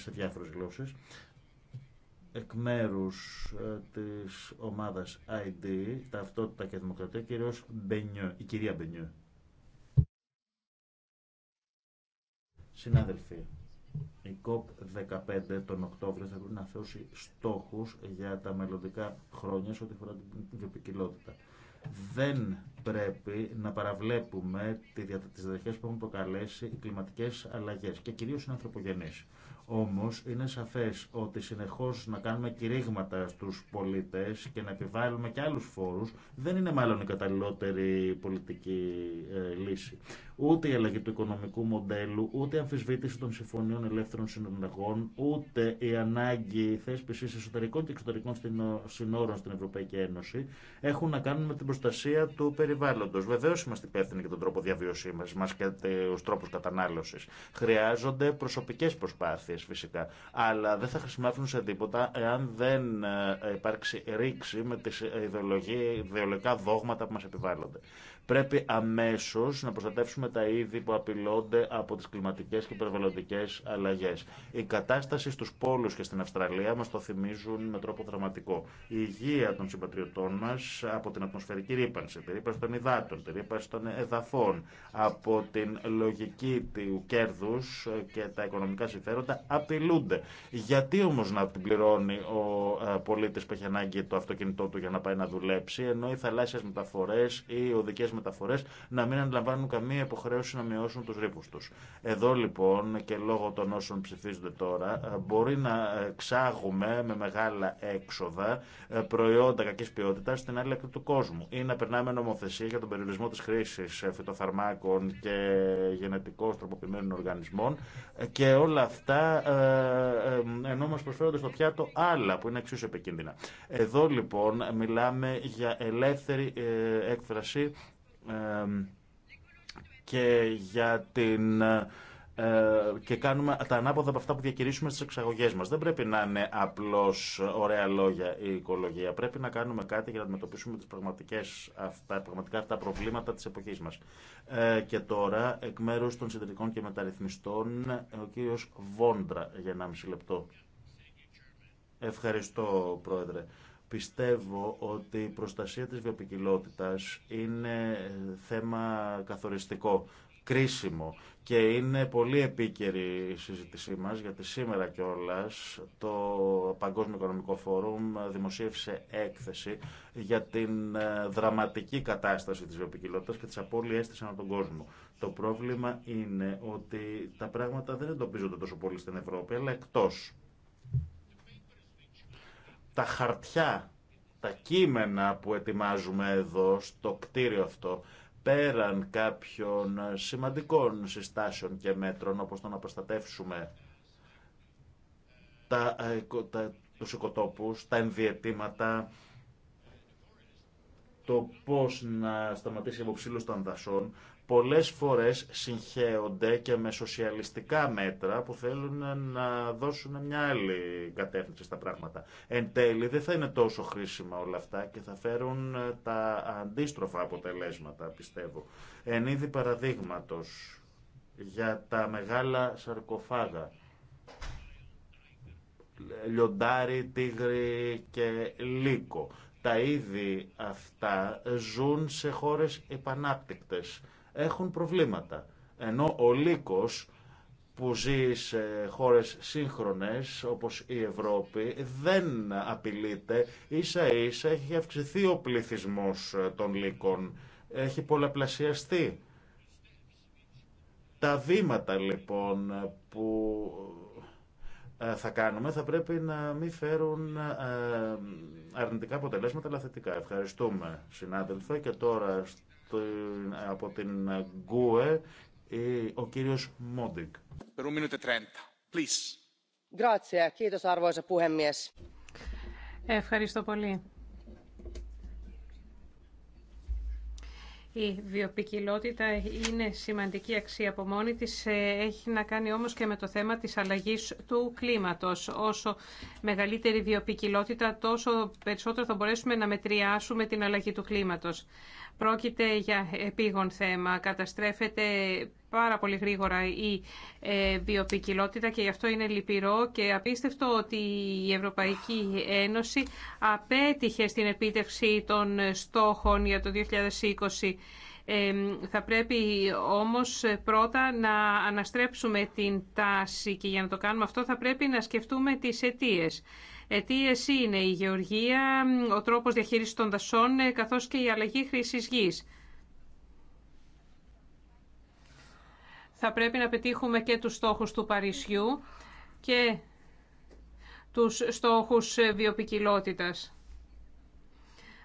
σε διάφορες γλώσσες εκ μέρου ε, τη ομάδα ID, Ταυτότητα και Δημοκρατία, κυρίως η κυρία Μπενιό. Συνάδελφοι, η COP15 τον Οκτώβριο θα πρέπει να θέσει στόχους για τα μελλοντικά χρόνια σε ό,τι αφορά την βιοπικιλότητα. Δεν πρέπει να παραβλέπουμε τις διαδικασίε που έχουν προκαλέσει οι κλιματικές αλλαγές και κυρίω οι ανθρωπογενείς. Όμως είναι σαφές ότι συνεχώς να κάνουμε κηρύγματα στους πολίτες και να επιβάλλουμε και άλλους φόρους δεν είναι μάλλον η καταλληλότερη πολιτική ε, λύση. Ούτε η αλλαγή του οικονομικού μοντέλου, ούτε η αμφισβήτηση των συμφωνίων ελεύθερων συνεργών, ούτε η ανάγκη θέσπιση εσωτερικών και εξωτερικών συνόρων στην Ευρωπαϊκή Ένωση έχουν να κάνουν με την προστασία του περιβάλλοντο. Βεβαίω είμαστε υπεύθυνοι για τον τρόπο διαβίωσή μα και του τρόπου κατανάλωση. Χρειάζονται προσωπικέ προσπάθειε φυσικά, αλλά δεν θα χρησιμεύσουν σε τίποτα εάν δεν ε, υπάρξει ρήξη με τι ιδεολογικά δόγματα που μα επιβάλλονται. Πρέπει αμέσω να προστατεύσουμε τα είδη που απειλώνται από τι κλιματικέ και περιβαλλοντικέ αλλαγέ. Η κατάσταση στου πόλου και στην Αυστραλία μα το θυμίζουν με τρόπο δραματικό. Η υγεία των συμπατριωτών μα από την ατμοσφαιρική ρήπανση, τη ρήπανση των υδάτων, τη ρήπανση των εδαφών, από την λογική του κέρδου και τα οικονομικά συμφέροντα απειλούνται. Γιατί όμω να την πληρώνει ο ε, πολίτη που έχει ανάγκη το αυτοκίνητό του για να πάει να δουλέψει, ενώ οι θαλάσσιε μεταφορέ ή οδικέ μεταφορέ να μην αντιλαμβάνουν καμία υποχρέωση να μειώσουν του ρήπου του. Εδώ λοιπόν και λόγω των όσων ψηφίζονται τώρα ε, μπορεί να εξάγουμε με μεγάλα έξοδα ε, προϊόντα κακή ποιότητα στην άλλη άκρη του κόσμου ή να περνάμε νομοθεσία για τον περιορισμό τη χρήση ε, φυτοφαρμάκων και γενετικώ τροποποιημένων οργανισμών και όλα αυτά ενώ μα προσφέρονται στο πιάτο άλλα που είναι εξίσου επικίνδυνα. Εδώ λοιπόν μιλάμε για ελεύθερη έκφραση και για την ε, και κάνουμε τα ανάποδα από αυτά που διακηρύσουμε στις εξαγωγές μας. Δεν πρέπει να είναι απλώς ωραία λόγια η οικολογία. Πρέπει να κάνουμε κάτι για να αντιμετωπίσουμε τις πραγματικές αυτά, πραγματικά αυτά προβλήματα της εποχής μας. Ε, και τώρα, εκ μέρους των συντηρητικών και μεταρρυθμιστών, ο κύριος Βόντρα για μισή λεπτό. Ευχαριστώ, Πρόεδρε. Πιστεύω ότι η προστασία της βιοπικιλότητας είναι θέμα καθοριστικό, κρίσιμο και είναι πολύ επίκαιρη η συζήτησή μας γιατί σήμερα κιόλας το Παγκόσμιο Οικονομικό Φόρουμ δημοσίευσε έκθεση για την ε, δραματική κατάσταση της βιοπικιλότητας και τις απώλειές της ανά τον κόσμο. Το πρόβλημα είναι ότι τα πράγματα δεν εντοπίζονται τόσο πολύ στην Ευρώπη αλλά εκτός τα χαρτιά, τα κείμενα που ετοιμάζουμε εδώ στο κτίριο αυτό, πέραν κάποιων σημαντικών συστάσεων και μέτρων, όπως το να προστατεύσουμε τα, ε, τα, τους οικοτόπους, τα ενδιαιτήματα, το πώς να σταματήσει η αποψήλωση των δασών, πολλές φορές συγχέονται και με σοσιαλιστικά μέτρα που θέλουν να δώσουν μια άλλη κατεύθυνση στα πράγματα. Εν τέλει δεν θα είναι τόσο χρήσιμα όλα αυτά και θα φέρουν ε, τα αντίστροφα αποτελέσματα, πιστεύω. Εν είδη παραδείγματος για τα μεγάλα σαρκοφάγα, λιοντάρι, τίγρη και λύκο. Τα είδη αυτά ζουν σε χώρες επανάπτυκτες έχουν προβλήματα. Ενώ ο λύκος που ζει σε χώρες σύγχρονες όπως η Ευρώπη δεν απειλείται. Ίσα ίσα έχει αυξηθεί ο πληθυσμός ε, των λύκων. Έχει πολλαπλασιαστεί. Τα βήματα λοιπόν που ε, θα κάνουμε θα πρέπει να μην φέρουν ε, αρνητικά αποτελέσματα αλλά θετικά. Ευχαριστούμε συνάδελφε και τώρα από την Γκουε ο κύριος Μόντιγκ. Ευχαριστώ πολύ. Η βιοπικιλότητα είναι σημαντική αξία από μόνη της. Ε, έχει να κάνει όμως και με το θέμα της αλλαγής του κλίματος. Όσο μεγαλύτερη βιοπικιλότητα, τόσο περισσότερο θα μπορέσουμε να μετριάσουμε την αλλαγή του κλίματος. Πρόκειται για επίγον θέμα. Καταστρέφεται πάρα πολύ γρήγορα η ε, βιοπικιλότητα και γι' αυτό είναι λυπηρό και απίστευτο ότι η Ευρωπαϊκή Ένωση απέτυχε στην επίτευξη των στόχων για το 2020. Ε, θα πρέπει όμως πρώτα να αναστρέψουμε την τάση και για να το κάνουμε αυτό θα πρέπει να σκεφτούμε τις αιτίες. Αιτίες είναι η γεωργία, ο τρόπος διαχείρισης των δασών, ε, καθώς και η αλλαγή χρήσης γης. Θα πρέπει να πετύχουμε και τους στόχους του Παρισιού και τους στόχους ε, βιοπικιλότητας.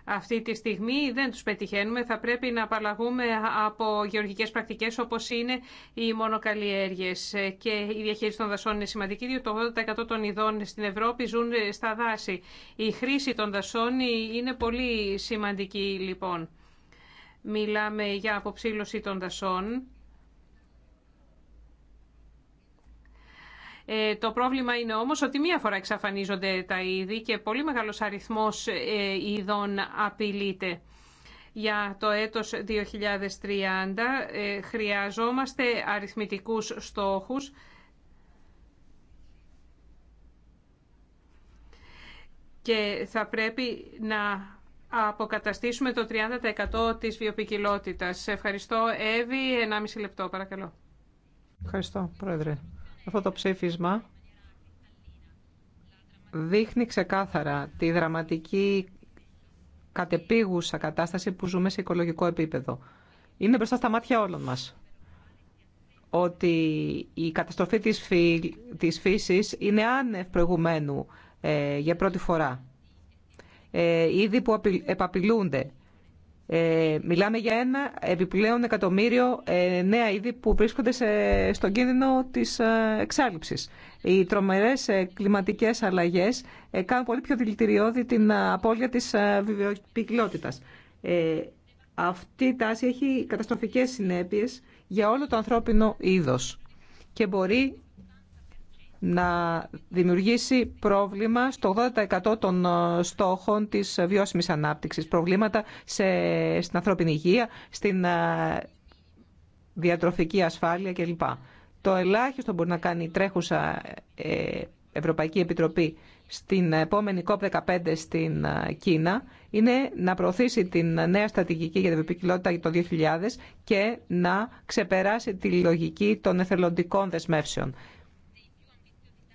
Αυτή τη στιγμή δεν τους πετυχαίνουμε. Θα πρέπει να απαλλαγούμε από γεωργικές πρακτικές όπως είναι οι μονοκαλλιέργειες και η διαχείριση των δασών είναι σημαντική διότι το 80% των ειδών στην Ευρώπη ζουν στα δάση. Η χρήση των δασών είναι πολύ σημαντική λοιπόν. Μιλάμε για αποψήλωση των δασών Ε, το πρόβλημα είναι όμως ότι μία φορά εξαφανίζονται τα είδη και πολύ μεγάλος αριθμός ειδών απειλείται. Για το έτος 2030 ε, χρειαζόμαστε αριθμητικούς στόχους και θα πρέπει να αποκαταστήσουμε το 30% της βιοπικιλότητας. ευχαριστώ, Εύη. 1,5 λεπτό, παρακαλώ. Ευχαριστώ, Πρόεδρε. Αυτό το ψήφισμα δείχνει ξεκάθαρα τη δραματική κατεπίγουσα κατάσταση που ζούμε σε οικολογικό επίπεδο. Είναι μπροστά στα μάτια όλων μας ότι η καταστροφή της, φύ, φύσης είναι άνευ προηγουμένου ε, για πρώτη φορά. Ε, που επαπειλούνται ε, μιλάμε για ένα επιπλέον εκατομμύριο ε, νέα είδη που βρίσκονται σε, στον κίνδυνο της ε, Οι τρομερές ε, κλιματικές αλλαγές ε, κάνουν πολύ πιο δηλητηριώδη την απώλεια της βιβλιοποικιλότητας. Αυτή η τάση έχει καταστροφικές συνέπειες για όλο το ανθρώπινο είδος και μπορεί να δημιουργήσει πρόβλημα στο 80% των ε, στόχων της βιώσιμης ανάπτυξης. Προβλήματα σε, στην ανθρώπινη υγεία, στην ε, διατροφική ασφάλεια κλπ. Το ελάχιστο μπορεί να κάνει η τρέχουσα ε, Ευρωπαϊκή Επιτροπή στην επόμενη COP15 στην Κίνα είναι να προωθήσει την νέα στρατηγική για την επικοινότητα για το 2000 και να ξεπεράσει τη λογική των εθελοντικών δεσμεύσεων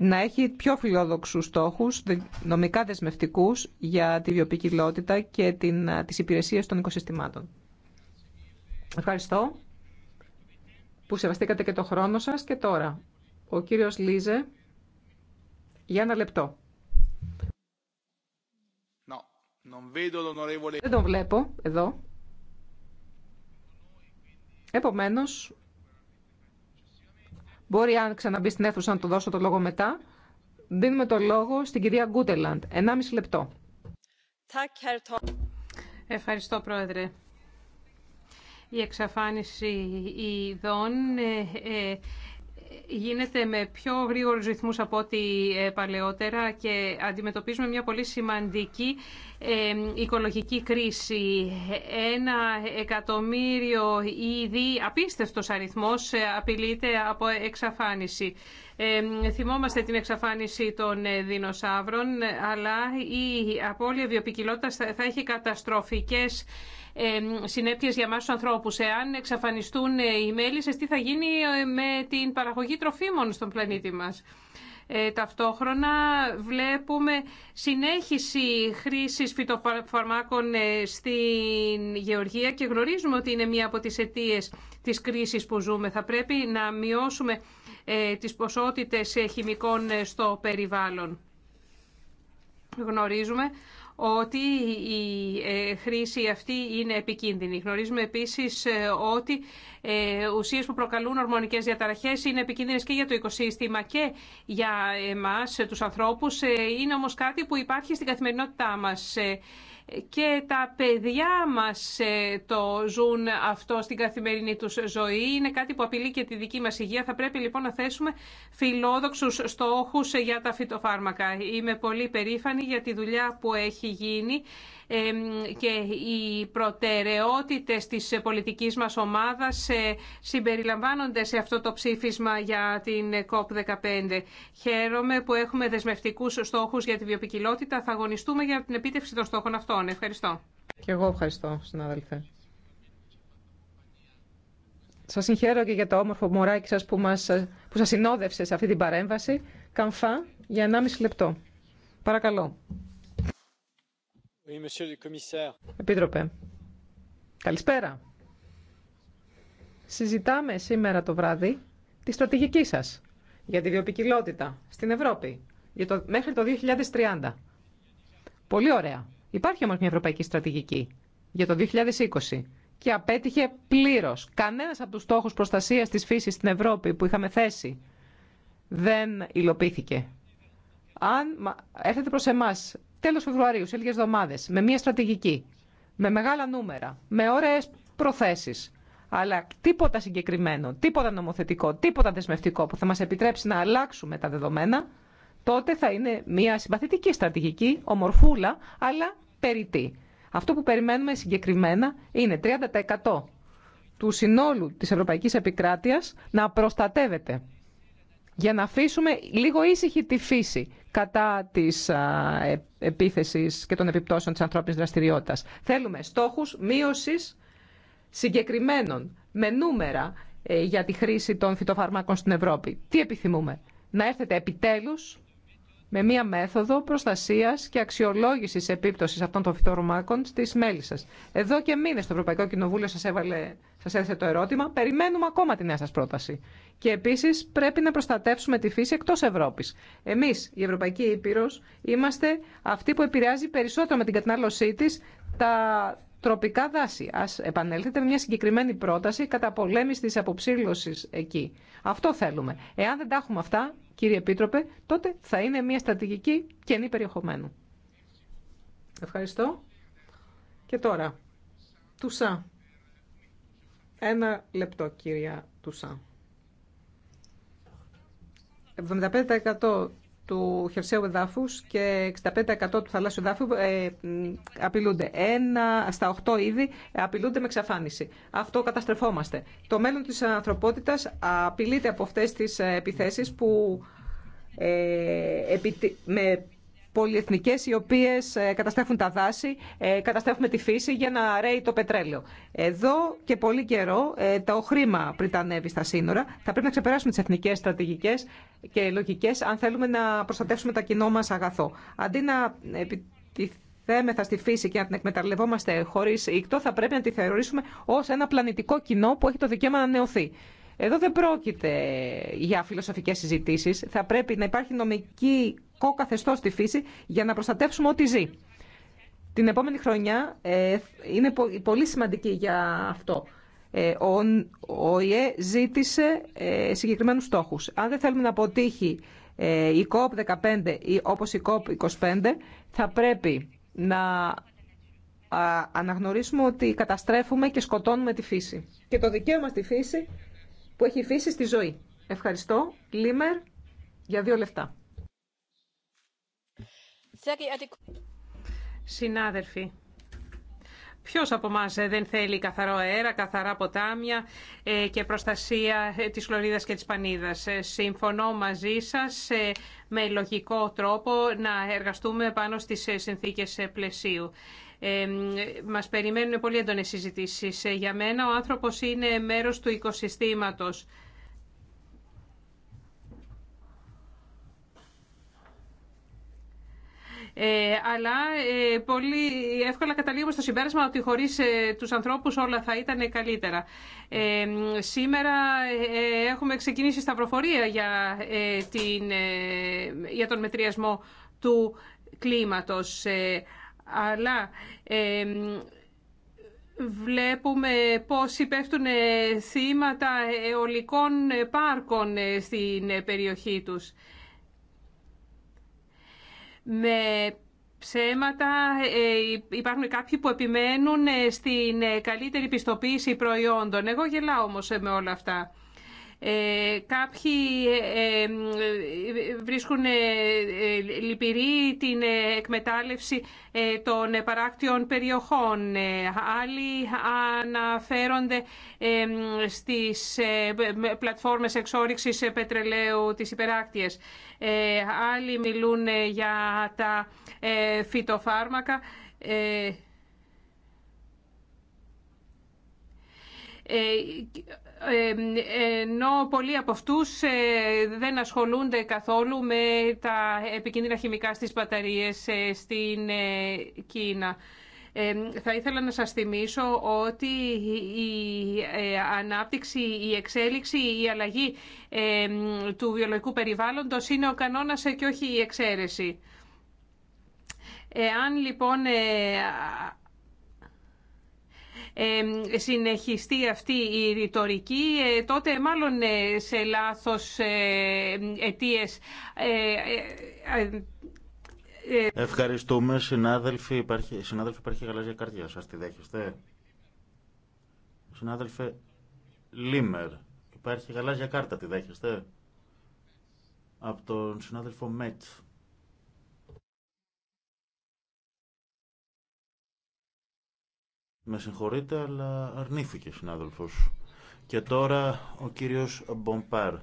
να έχει πιο φιλόδοξους στόχους, νομικά δεσμευτικούς για τη βιοποικιλότητα και την, τις υπηρεσίες των οικοσυστημάτων. Ευχαριστώ που σεβαστήκατε και το χρόνο σας και τώρα ο κύριος Λίζε για ένα λεπτό. Δεν τον βλέπω εδώ. Επομένως, Μπορεί αν ξαναμπεί στην αίθουσα να του δώσω το λόγο μετά. Δίνουμε το λόγο στην κυρία Γκούτελαντ. 1,5 λεπτό. Ευχαριστώ, Πρόεδρε. Η εξαφάνιση ειδών ε, ε, γίνεται με πιο γρήγορους ρυθμούς από ό,τι ε, παλαιότερα και αντιμετωπίζουμε μια πολύ σημαντική ε, οικολογική κρίση. Ένα εκατομμύριο ήδη, απίστευτος αριθμός, ε, απειλείται από εξαφάνιση. θυμόμαστε την εξαφάνιση των δεινοσαύρων, αλλά η απώλεια βιοπικιλότητας θα έχει καταστροφικές συνέπειες για εμά του ανθρώπους. Εάν εξαφανιστούν ε, οι μέλισσε, τι θα γίνει ε, με την παραγωγή τροφίμων στον πλανήτη μας. Ε, ταυτόχρονα βλέπουμε συνέχιση χρήσης φυτοφαρμάκων στην γεωργία και γνωρίζουμε ότι είναι μία από τις αιτίες της κρίσης που ζούμε. Θα πρέπει να μειώσουμε τις ποσότητες χημικών στο περιβάλλον. Γνωρίζουμε ότι η ε, χρήση αυτή είναι επικίνδυνη. Γνωρίζουμε επίσης ε, ότι ε, ουσίες που προκαλούν ορμονικές διαταραχές είναι επικίνδυνες και για το οικοσύστημα και για εμάς, τους ανθρώπους. Είναι όμως κάτι που υπάρχει στην καθημερινότητά μας και τα παιδιά μας ε, το ζουν αυτό στην καθημερινή τους ζωή. Είναι κάτι που απειλεί και τη δική μας υγεία. Θα πρέπει λοιπόν να θέσουμε φιλόδοξους στόχους για τα φυτοφάρμακα. Είμαι πολύ περήφανη για τη δουλειά που έχει γίνει και οι προτεραιότητες της πολιτικής μας ομάδας ε, συμπεριλαμβάνονται σε αυτό το ψήφισμα για την COP15. Χαίρομαι που έχουμε δεσμευτικούς στόχους για τη βιοπικιλότητα. Θα αγωνιστούμε για την επίτευξη των στόχων αυτών. Ευχαριστώ. Και εγώ ευχαριστώ, συνάδελφε. Σας συγχαίρω και για το όμορφο μωράκι σας που, μας, που σας συνόδευσε σε αυτή την παρέμβαση. Καμφά για 1,5 λεπτό. Παρακαλώ. Επίτροπε, καλησπέρα. Συζητάμε σήμερα το βράδυ τη στρατηγική σας για τη βιοπικιλότητα στην Ευρώπη για το, μέχρι το 2030. Πολύ ωραία. Υπάρχει όμως μια ευρωπαϊκή στρατηγική για το 2020 και απέτυχε πλήρως. Κανένας από τους στόχους προστασίας της φύσης στην Ευρώπη που είχαμε θέσει δεν υλοποιήθηκε. Αν έρθετε προς εμάς τέλος Φεβρουαρίου, σε λίγες εβδομάδες, με μια στρατηγική, με μεγάλα νούμερα, με ωραίες προθέσεις, αλλά τίποτα συγκεκριμένο, τίποτα νομοθετικό, τίποτα δεσμευτικό που θα μας επιτρέψει να αλλάξουμε τα δεδομένα, τότε θα είναι μια συμπαθητική στρατηγική, ομορφούλα, αλλά περιττή. Αυτό που περιμένουμε συγκεκριμένα είναι 30% του συνόλου της ευρωπαϊκής επικράτειας να προστατεύεται για να αφήσουμε λίγο ήσυχη τη φύση κατά της ε, επίθεσης και των επιπτώσεων της ανθρώπινης δραστηριότητας. Θέλουμε στόχους μείωσης συγκεκριμένων με νούμερα ε, για τη χρήση των φυτοφαρμάκων στην Ευρώπη. Τι επιθυμούμε. Να έρθετε επιτέλους με μία μέθοδο προστασίας και αξιολόγησης επίπτωσης αυτών των φυτοφαρμάκων στις μέλη σας. Εδώ και μήνες το Ευρωπαϊκό Κοινοβούλιο σας έβαλε Σα έθεσε το ερώτημα. Περιμένουμε ακόμα τη νέα σα πρόταση. Και επίση πρέπει να προστατεύσουμε τη φύση εκτό Ευρώπη. Εμεί, η Ευρωπαϊκή Ήπειρο, είμαστε αυτή που επηρεάζει περισσότερο με την κατανάλωσή τη τα τροπικά δάση. Α επανέλθετε με μια συγκεκριμένη πρόταση κατά πολέμηση τη αποψήλωση εκεί. Αυτό θέλουμε. Εάν δεν τα έχουμε αυτά, κύριε Επίτροπε, τότε θα είναι μια στρατηγική κενή περιεχομένου. Ευχαριστώ. Και τώρα, Τουσά. Ένα λεπτό, κυρία Τουσά. 75% του χερσαίου εδάφου και 65% του θαλάσσιου εδάφου ε, απειλούνται. Ένα στα 8 είδη απειλούνται με εξαφάνιση. Αυτό καταστρεφόμαστε. Το μέλλον της ανθρωπότητας απειλείται από αυτές τις ε, επιθέσεις που ε, με πολυεθνικές οι οποίες ε, καταστρέφουν τα δάση, ε, καταστρέφουμε τη φύση για να ρέει το πετρέλαιο. Εδώ και πολύ καιρό ε, το χρήμα πριν τα ανέβει στα σύνορα θα πρέπει να ξεπεράσουμε τις εθνικές στρατηγικές και λογικές αν θέλουμε να προστατεύσουμε τα κοινό μας αγαθό. Αντί να επιθέμεθα στη φύση και να την εκμεταλλευόμαστε χωρί ήκτο, θα πρέπει να τη θεωρήσουμε ω ένα πλανητικό κοινό που έχει το δικαίωμα να νεωθεί. Εδώ δεν πρόκειται για φιλοσοφικές συζητήσεις. Θα πρέπει να υπάρχει νομική κακό καθεστώ στη φύση για να προστατεύσουμε ό,τι ζει. Την επόμενη χρονιά ε, είναι πολύ σημαντική για αυτό. Ε, ο ΙΕ ζήτησε ε, συγκεκριμένους στόχους. Αν δεν θέλουμε να αποτύχει η COP15 ή όπως η COP25 θα πρέπει να αναγνωρίσουμε ότι καταστρέφουμε και σκοτώνουμε τη φύση. Και το δικαίωμα στη φύση που έχει η φύση στη ζωή. Ευχαριστώ. Λίμερ για δύο λεφτά. Συνάδελφοι, ποιος από εμά ε, δεν θέλει καθαρό αέρα, καθαρά ποτάμια ε, και προστασία ε, της χλωρίδας και της πανίδας. Συμφωνώ μαζί σας με λογικό τρόπο να εργαστούμε πάνω στις συνθήκες πλαισίου. Ε, μας περιμένουν πολύ έντονες συζητήσεις. Για μένα ο άνθρωπος είναι μέρος του οικοσυστήματος. Ε, αλλά ε, πολύ εύκολα καταλήγουμε στο συμπέρασμα ότι χωρίς ε, τους ανθρώπους όλα θα ήταν καλύτερα. Σήμερα έχουμε ξεκινήσει σταυροφορία για, για τον μετριασμό του κλίματος. Αλλά βλέπουμε πώς υπέφτουν θύματα αιωλικών πάρκων στην περιοχή τους με ψέματα. Ε, υπάρχουν κάποιοι που επιμένουν ε, στην ε, καλύτερη πιστοποίηση προϊόντων. Εγώ γελάω όμως με όλα αυτά. Ε, κάποιοι ε, ε, βρίσκουν λυπηρή την εκμετάλλευση των παράκτιων περιοχών. Άλλοι αναφέρονται στις πλατφόρμες εξόριξης πετρελαίου της υπεράκτιες. Άλλοι μιλούν για τα φυτοφάρμακα ενώ πολλοί από αυτούς ε, δεν ασχολούνται καθόλου με τα επικίνδυνα χημικά στις μπαταρίες ε, στην ε, Κίνα. Θα ήθελα να σας θυμίσω ότι η ανάπτυξη, η εξέλιξη, η αλλαγή του βιολογικού περιβάλλοντος είναι ο κανόνας και όχι η εξαίρεση. Αν λοιπόν ε, συνεχιστεί αυτή η ρητορική, ε, τότε μάλλον ε, σε λάθος αιτίες Ευχαριστούμε, συνάδελφοι. Υπάρχει, συνάδελφοι, υπάρχει γαλάζια καρδιά. Σας τη δέχεστε. Συνάδελφε Λίμερ, υπάρχει γαλάζια κάρτα. Τη δέχεστε. Από τον συνάδελφο Μέτς. Με συγχωρείτε, αλλά αρνήθηκε συνάδελφος. Και τώρα ο κύριος Μπομπάρ.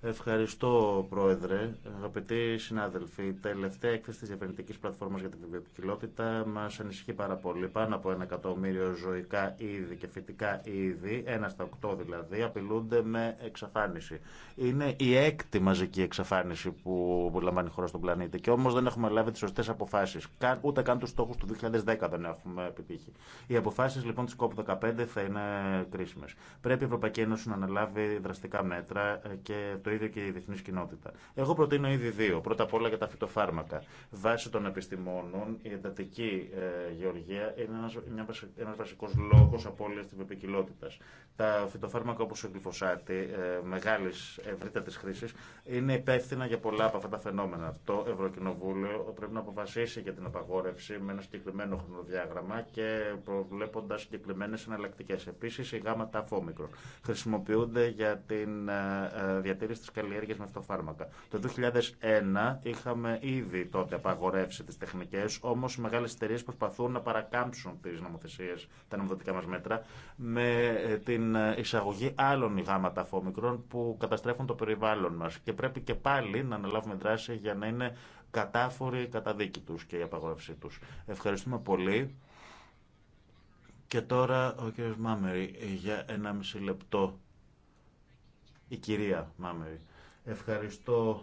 Ευχαριστώ, Πρόεδρε. Αγαπητοί συνάδελφοι, η τελευταία έκθεση τη Διαπαιδευτική Πλατφόρμα για την Βιβλιοποικιλότητα μα ανησυχεί πάρα πολύ. Πάνω από ένα εκατομμύριο ζωικά είδη και φυτικά είδη, ένα στα οκτώ δηλαδή, απειλούνται με εξαφάνιση. Είναι η έκτη μαζική εξαφάνιση που λαμβάνει η χώρα στον πλανήτη. Και όμω δεν έχουμε λάβει τι σωστέ αποφάσει. Ούτε καν του στόχου του 2010 δεν έχουμε επιτύχει. Οι αποφάσει λοιπόν τη COP15 θα είναι κρίσιμε. Πρέπει η Ευρωπαϊκή Ένωση να αναλάβει δραστικά μέτρα και το ίδιο και η διεθνή κοινότητα. Εγώ προτείνω ήδη δύο. Πρώτα απ' όλα για τα φυτοφάρμακα. Βάσει των επιστημόνων, η εντατική ε, γεωργία είναι ένα βασικό λόγο απώλεια τη βιοπικιλότητα. Τα φυτοφάρμακα όπω ο γλυφοσάτη, ε, μεγάλη ευρύτατη χρήση, είναι υπεύθυνα για πολλά από αυτά τα φαινόμενα. Το Ευρωκοινοβούλιο πρέπει να αποφασίσει για την απαγόρευση με ένα συγκεκριμένο χρονοδιάγραμμα και προβλέποντα συγκεκριμένε εναλλακτικέ. Επίση, η γάμα τα χρησιμοποιούνται για την ε, ε, διατήρηση τι καλλιέργειε με αυτοφάρμακα. Το 2001 είχαμε ήδη τότε απαγορεύσει τι τεχνικέ, όμω οι μεγάλε εταιρείε προσπαθούν να παρακάμψουν τι νομοθεσίε τα νομοθετικά μα μέτρα, με ε, την ε, εισαγωγή άλλων γάματα φόμικρων που καταστρέφουν το περιβάλλον μα. Και πρέπει και πάλι να αναλάβουμε δράση για να είναι κατάφοροι κατά δίκη του και η απαγόρευσή του. Ευχαριστούμε πολύ. Και τώρα ο κ. Μάμερη για ένα μισή λεπτό. Η κυρία Μάμερη. Ευχαριστώ,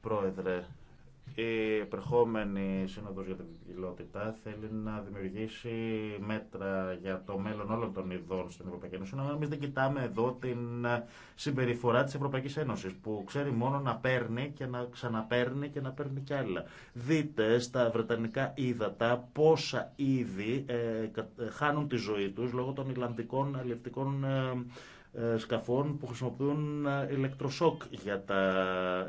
Πρόεδρε. Η επερχόμενη Σύνοδος για την Ποικιλότητα θέλει να δημιουργήσει μέτρα για το μέλλον όλων των ειδών στην Ευρωπαϊκή Ένωση. Αλλά εμεί δεν κοιτάμε εδώ την συμπεριφορά τη Ευρωπαϊκή Ένωση που ξέρει μόνο να παίρνει και να ξαναπαίρνει και να παίρνει κι άλλα. Δείτε στα βρετανικά ύδατα πόσα είδη ε, ε, χάνουν τη ζωή του λόγω των Ιλλανδικών αλληλευτικών ε, ε, σκαφών που χρησιμοποιούν ε, ηλεκτροσόκ για τα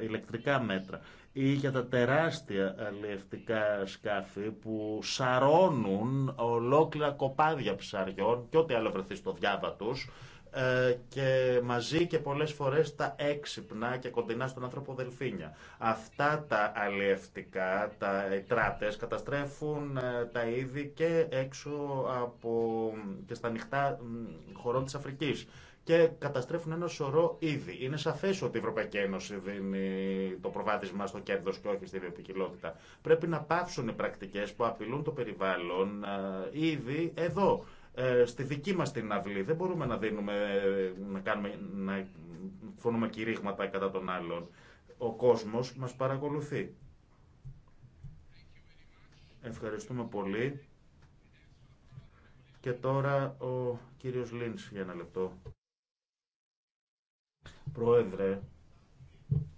ηλεκτρικά μέτρα ή για τα τεράστια αλλιευτικά σκάφη που σαρώνουν ολόκληρα κοπάδια ψαριών και ό,τι άλλο βρεθεί στο διάβα τους ε, και μαζί και πολλές φορές τα έξυπνα και κοντινά στον άνθρωπο δελφίνια. Αυτά τα αλλιευτικά, τα τράτες καταστρέφουν τα είδη και έξω από και στα νυχτά χωρών της Αφρικής και καταστρέφουν ένα σωρό είδη. Είναι σαφέ ότι η Ευρωπαϊκή Ένωση δίνει το προβάδισμα στο κέρδο και όχι στη βιοπικιλότητα. Πρέπει να πάψουν οι πρακτικέ που απειλούν το περιβάλλον ε, ήδη εδώ. Ε, στη δική μας την αυλή δεν μπορούμε να δίνουμε, να, κάνουμε, να φωνούμε κηρύγματα κατά τον άλλον. Ο κόσμος μας παρακολουθεί. Ευχαριστούμε πολύ. Και τώρα ο κύριος Λίνς για ένα λεπτό. Πρόεδρε,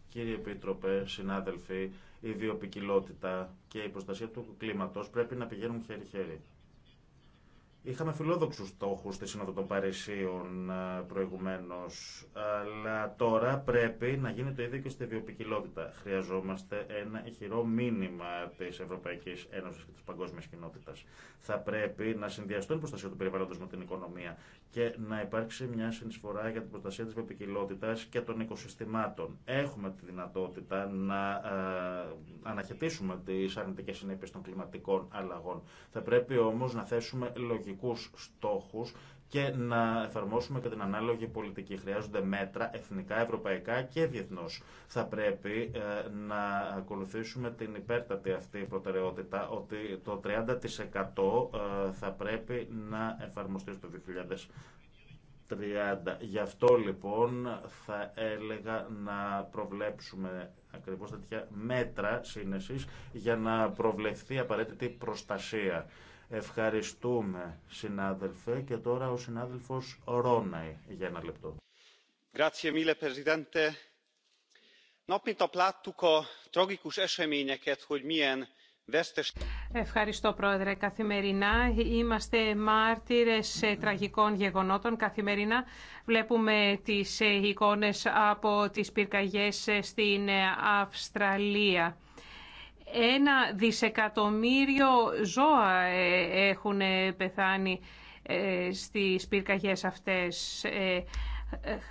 κύριε Επίτροπε, συνάδελφοι, η βιοπικιλότητα και η προστασία του κλίματος πρέπει να πηγαίνουν χέρι-χέρι. Είχαμε φιλόδοξους στόχους στη Σύνοδο των Παρισίων ε, προηγουμένως, αλλά τώρα πρέπει να γίνει το ίδιο και στη βιοπικιλότητα. Χρειαζόμαστε ένα ηχηρό μήνυμα της Ευρωπαϊκής Ένωσης και της παγκόσμιας κοινότητας. Θα πρέπει να συνδυαστούν η προστασία του περιβάλλοντος με την οικονομία και να υπάρξει μια συνεισφορά για την προστασία της βιοποικιλότητας και των οικοσυστημάτων. Έχουμε τη δυνατότητα να ε, αναχαιτήσουμε τις αρνητικές συνέπειες των κλιματικών αλλαγών. Θα πρέπει όμως να θέσουμε λογικούς στόχους και να εφαρμόσουμε και την ανάλογη πολιτική. Χρειάζονται μέτρα εθνικά, ευρωπαϊκά και διεθνώ. Θα πρέπει ε, να ακολουθήσουμε την υπέρτατη αυτή προτεραιότητα ότι το 30% ε, θα πρέπει να εφαρμοστεί στο 2030. Γι' αυτό λοιπόν θα έλεγα να προβλέψουμε ακριβώς τέτοια μέτρα σύνεσης για να προβλεφθεί απαραίτητη προστασία. Ευχαριστούμε, συνάδελφε. Και τώρα ο συνάδελφος Ρόναη για ένα λεπτό. Ευχαριστώ, Πρόεδρε. Καθημερινά είμαστε μάρτυρες τραγικών γεγονότων. Καθημερινά βλέπουμε τις εικόνες από τις πυρκαγιές στην Αυστραλία. Ένα δισεκατομμύριο ζώα ε, έχουν πεθάνει ε, στις πυρκαγιές αυτές. Ε,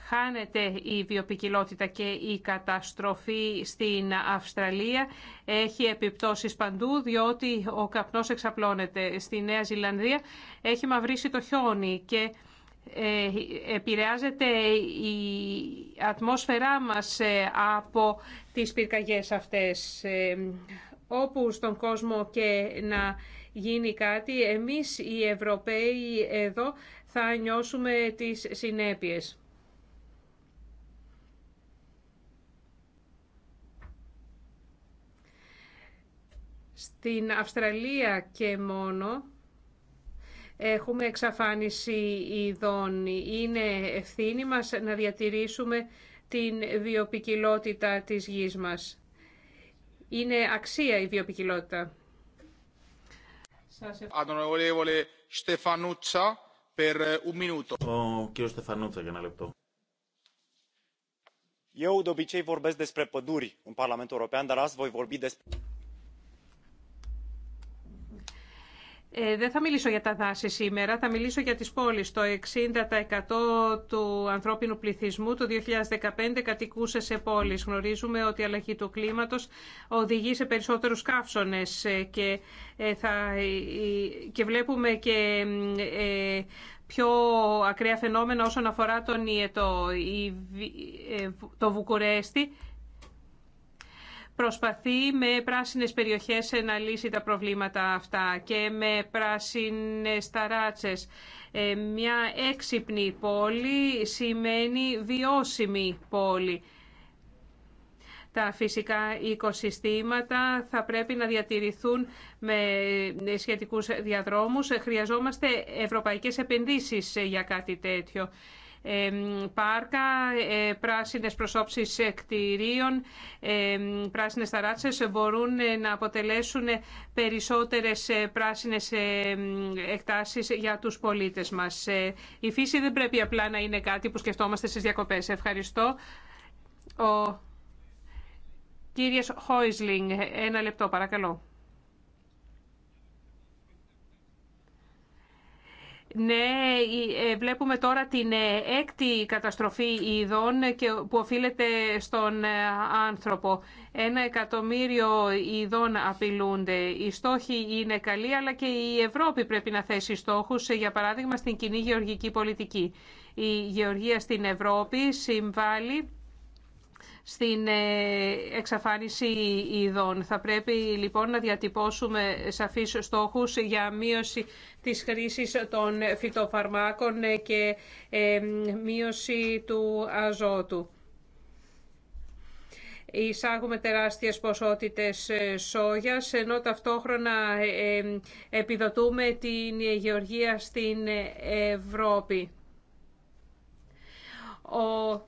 χάνεται η βιοπικιλότητα και η καταστροφή στην Αυστραλία. Έχει επιπτώσεις παντού, διότι ο καπνός εξαπλώνεται. Στη Νέα Ζηλανδία έχει μαυρίσει το χιόνι και επηρεάζεται η ατμόσφαιρά μας από τις πυρκαγιές αυτές όπου στον κόσμο και να γίνει κάτι, εμείς οι Ευρωπαίοι εδώ θα νιώσουμε τις συνέπειες. Στην Αυστραλία και μόνο έχουμε εξαφάνιση ειδών. Είναι ευθύνη μας να διατηρήσουμε την βιοπικιλότητα της γης μας. Είναι αξία η βιοπικιλότητα. Ο Στεφανούτσα για ένα λεπτό. Eu de obicei vorbesc despre păduri în Parlamentul European, dar azi voi vorbi despre Ε, δεν θα μιλήσω για τα δάση σήμερα, θα μιλήσω για τις πόλεις. Το 60% του ανθρώπινου πληθυσμού το 2015 κατοικούσε σε πόλεις. Γνωρίζουμε ότι η αλλαγή του κλίματος οδηγεί σε περισσότερους καύσονες ε, και, ε, θα, ε, και βλέπουμε και πιο ακραία φαινόμενα όσον αφορά τον Ιετό. Το Βουκουρέστι προσπαθεί με πράσινες περιοχές να λύσει τα προβλήματα αυτά και με πράσινες ταράτσες. Ε, μια έξυπνη πόλη σημαίνει βιώσιμη πόλη. Τα φυσικά οικοσυστήματα θα πρέπει να διατηρηθούν με σχετικούς διαδρόμους. Χρειαζόμαστε ευρωπαϊκές επενδύσεις για κάτι τέτοιο πάρκα, ε, πράσινες προσώψεις κτηρίων, πράσινες ταράτσες μπορούν ε, να αποτελέσουν περισσότερες ε, πράσινες εκτάσεις για τους πολίτες μας. Η φύση δεν πρέπει απλά να είναι κάτι που σκεφτόμαστε στις διακοπές. Ευχαριστώ. Ο κύριος Χόισλινγκ, ένα λεπτό παρακαλώ. Ναι, ε, βλέπουμε τώρα την ε, έκτη καταστροφή ειδών που οφείλεται στον ε, άνθρωπο. Ένα εκατομμύριο ειδών απειλούνται. Οι στόχοι είναι καλοί, αλλά και η Ευρώπη πρέπει να θέσει στόχους, για παράδειγμα, στην κοινή γεωργική πολιτική. Η γεωργία στην Ευρώπη συμβάλλει στην ε, εξαφάνιση ειδών. Θα πρέπει λοιπόν να διατυπώσουμε σαφείς στόχους για μείωση της χρήσης των φυτοφαρμάκων ε, και ε, μείωση του αζότου. Εισάγουμε τεράστιες ποσότητες σόγιας, ενώ ταυτόχρονα επιδοτούμε την γεωργία στην Ευρώπη. Ο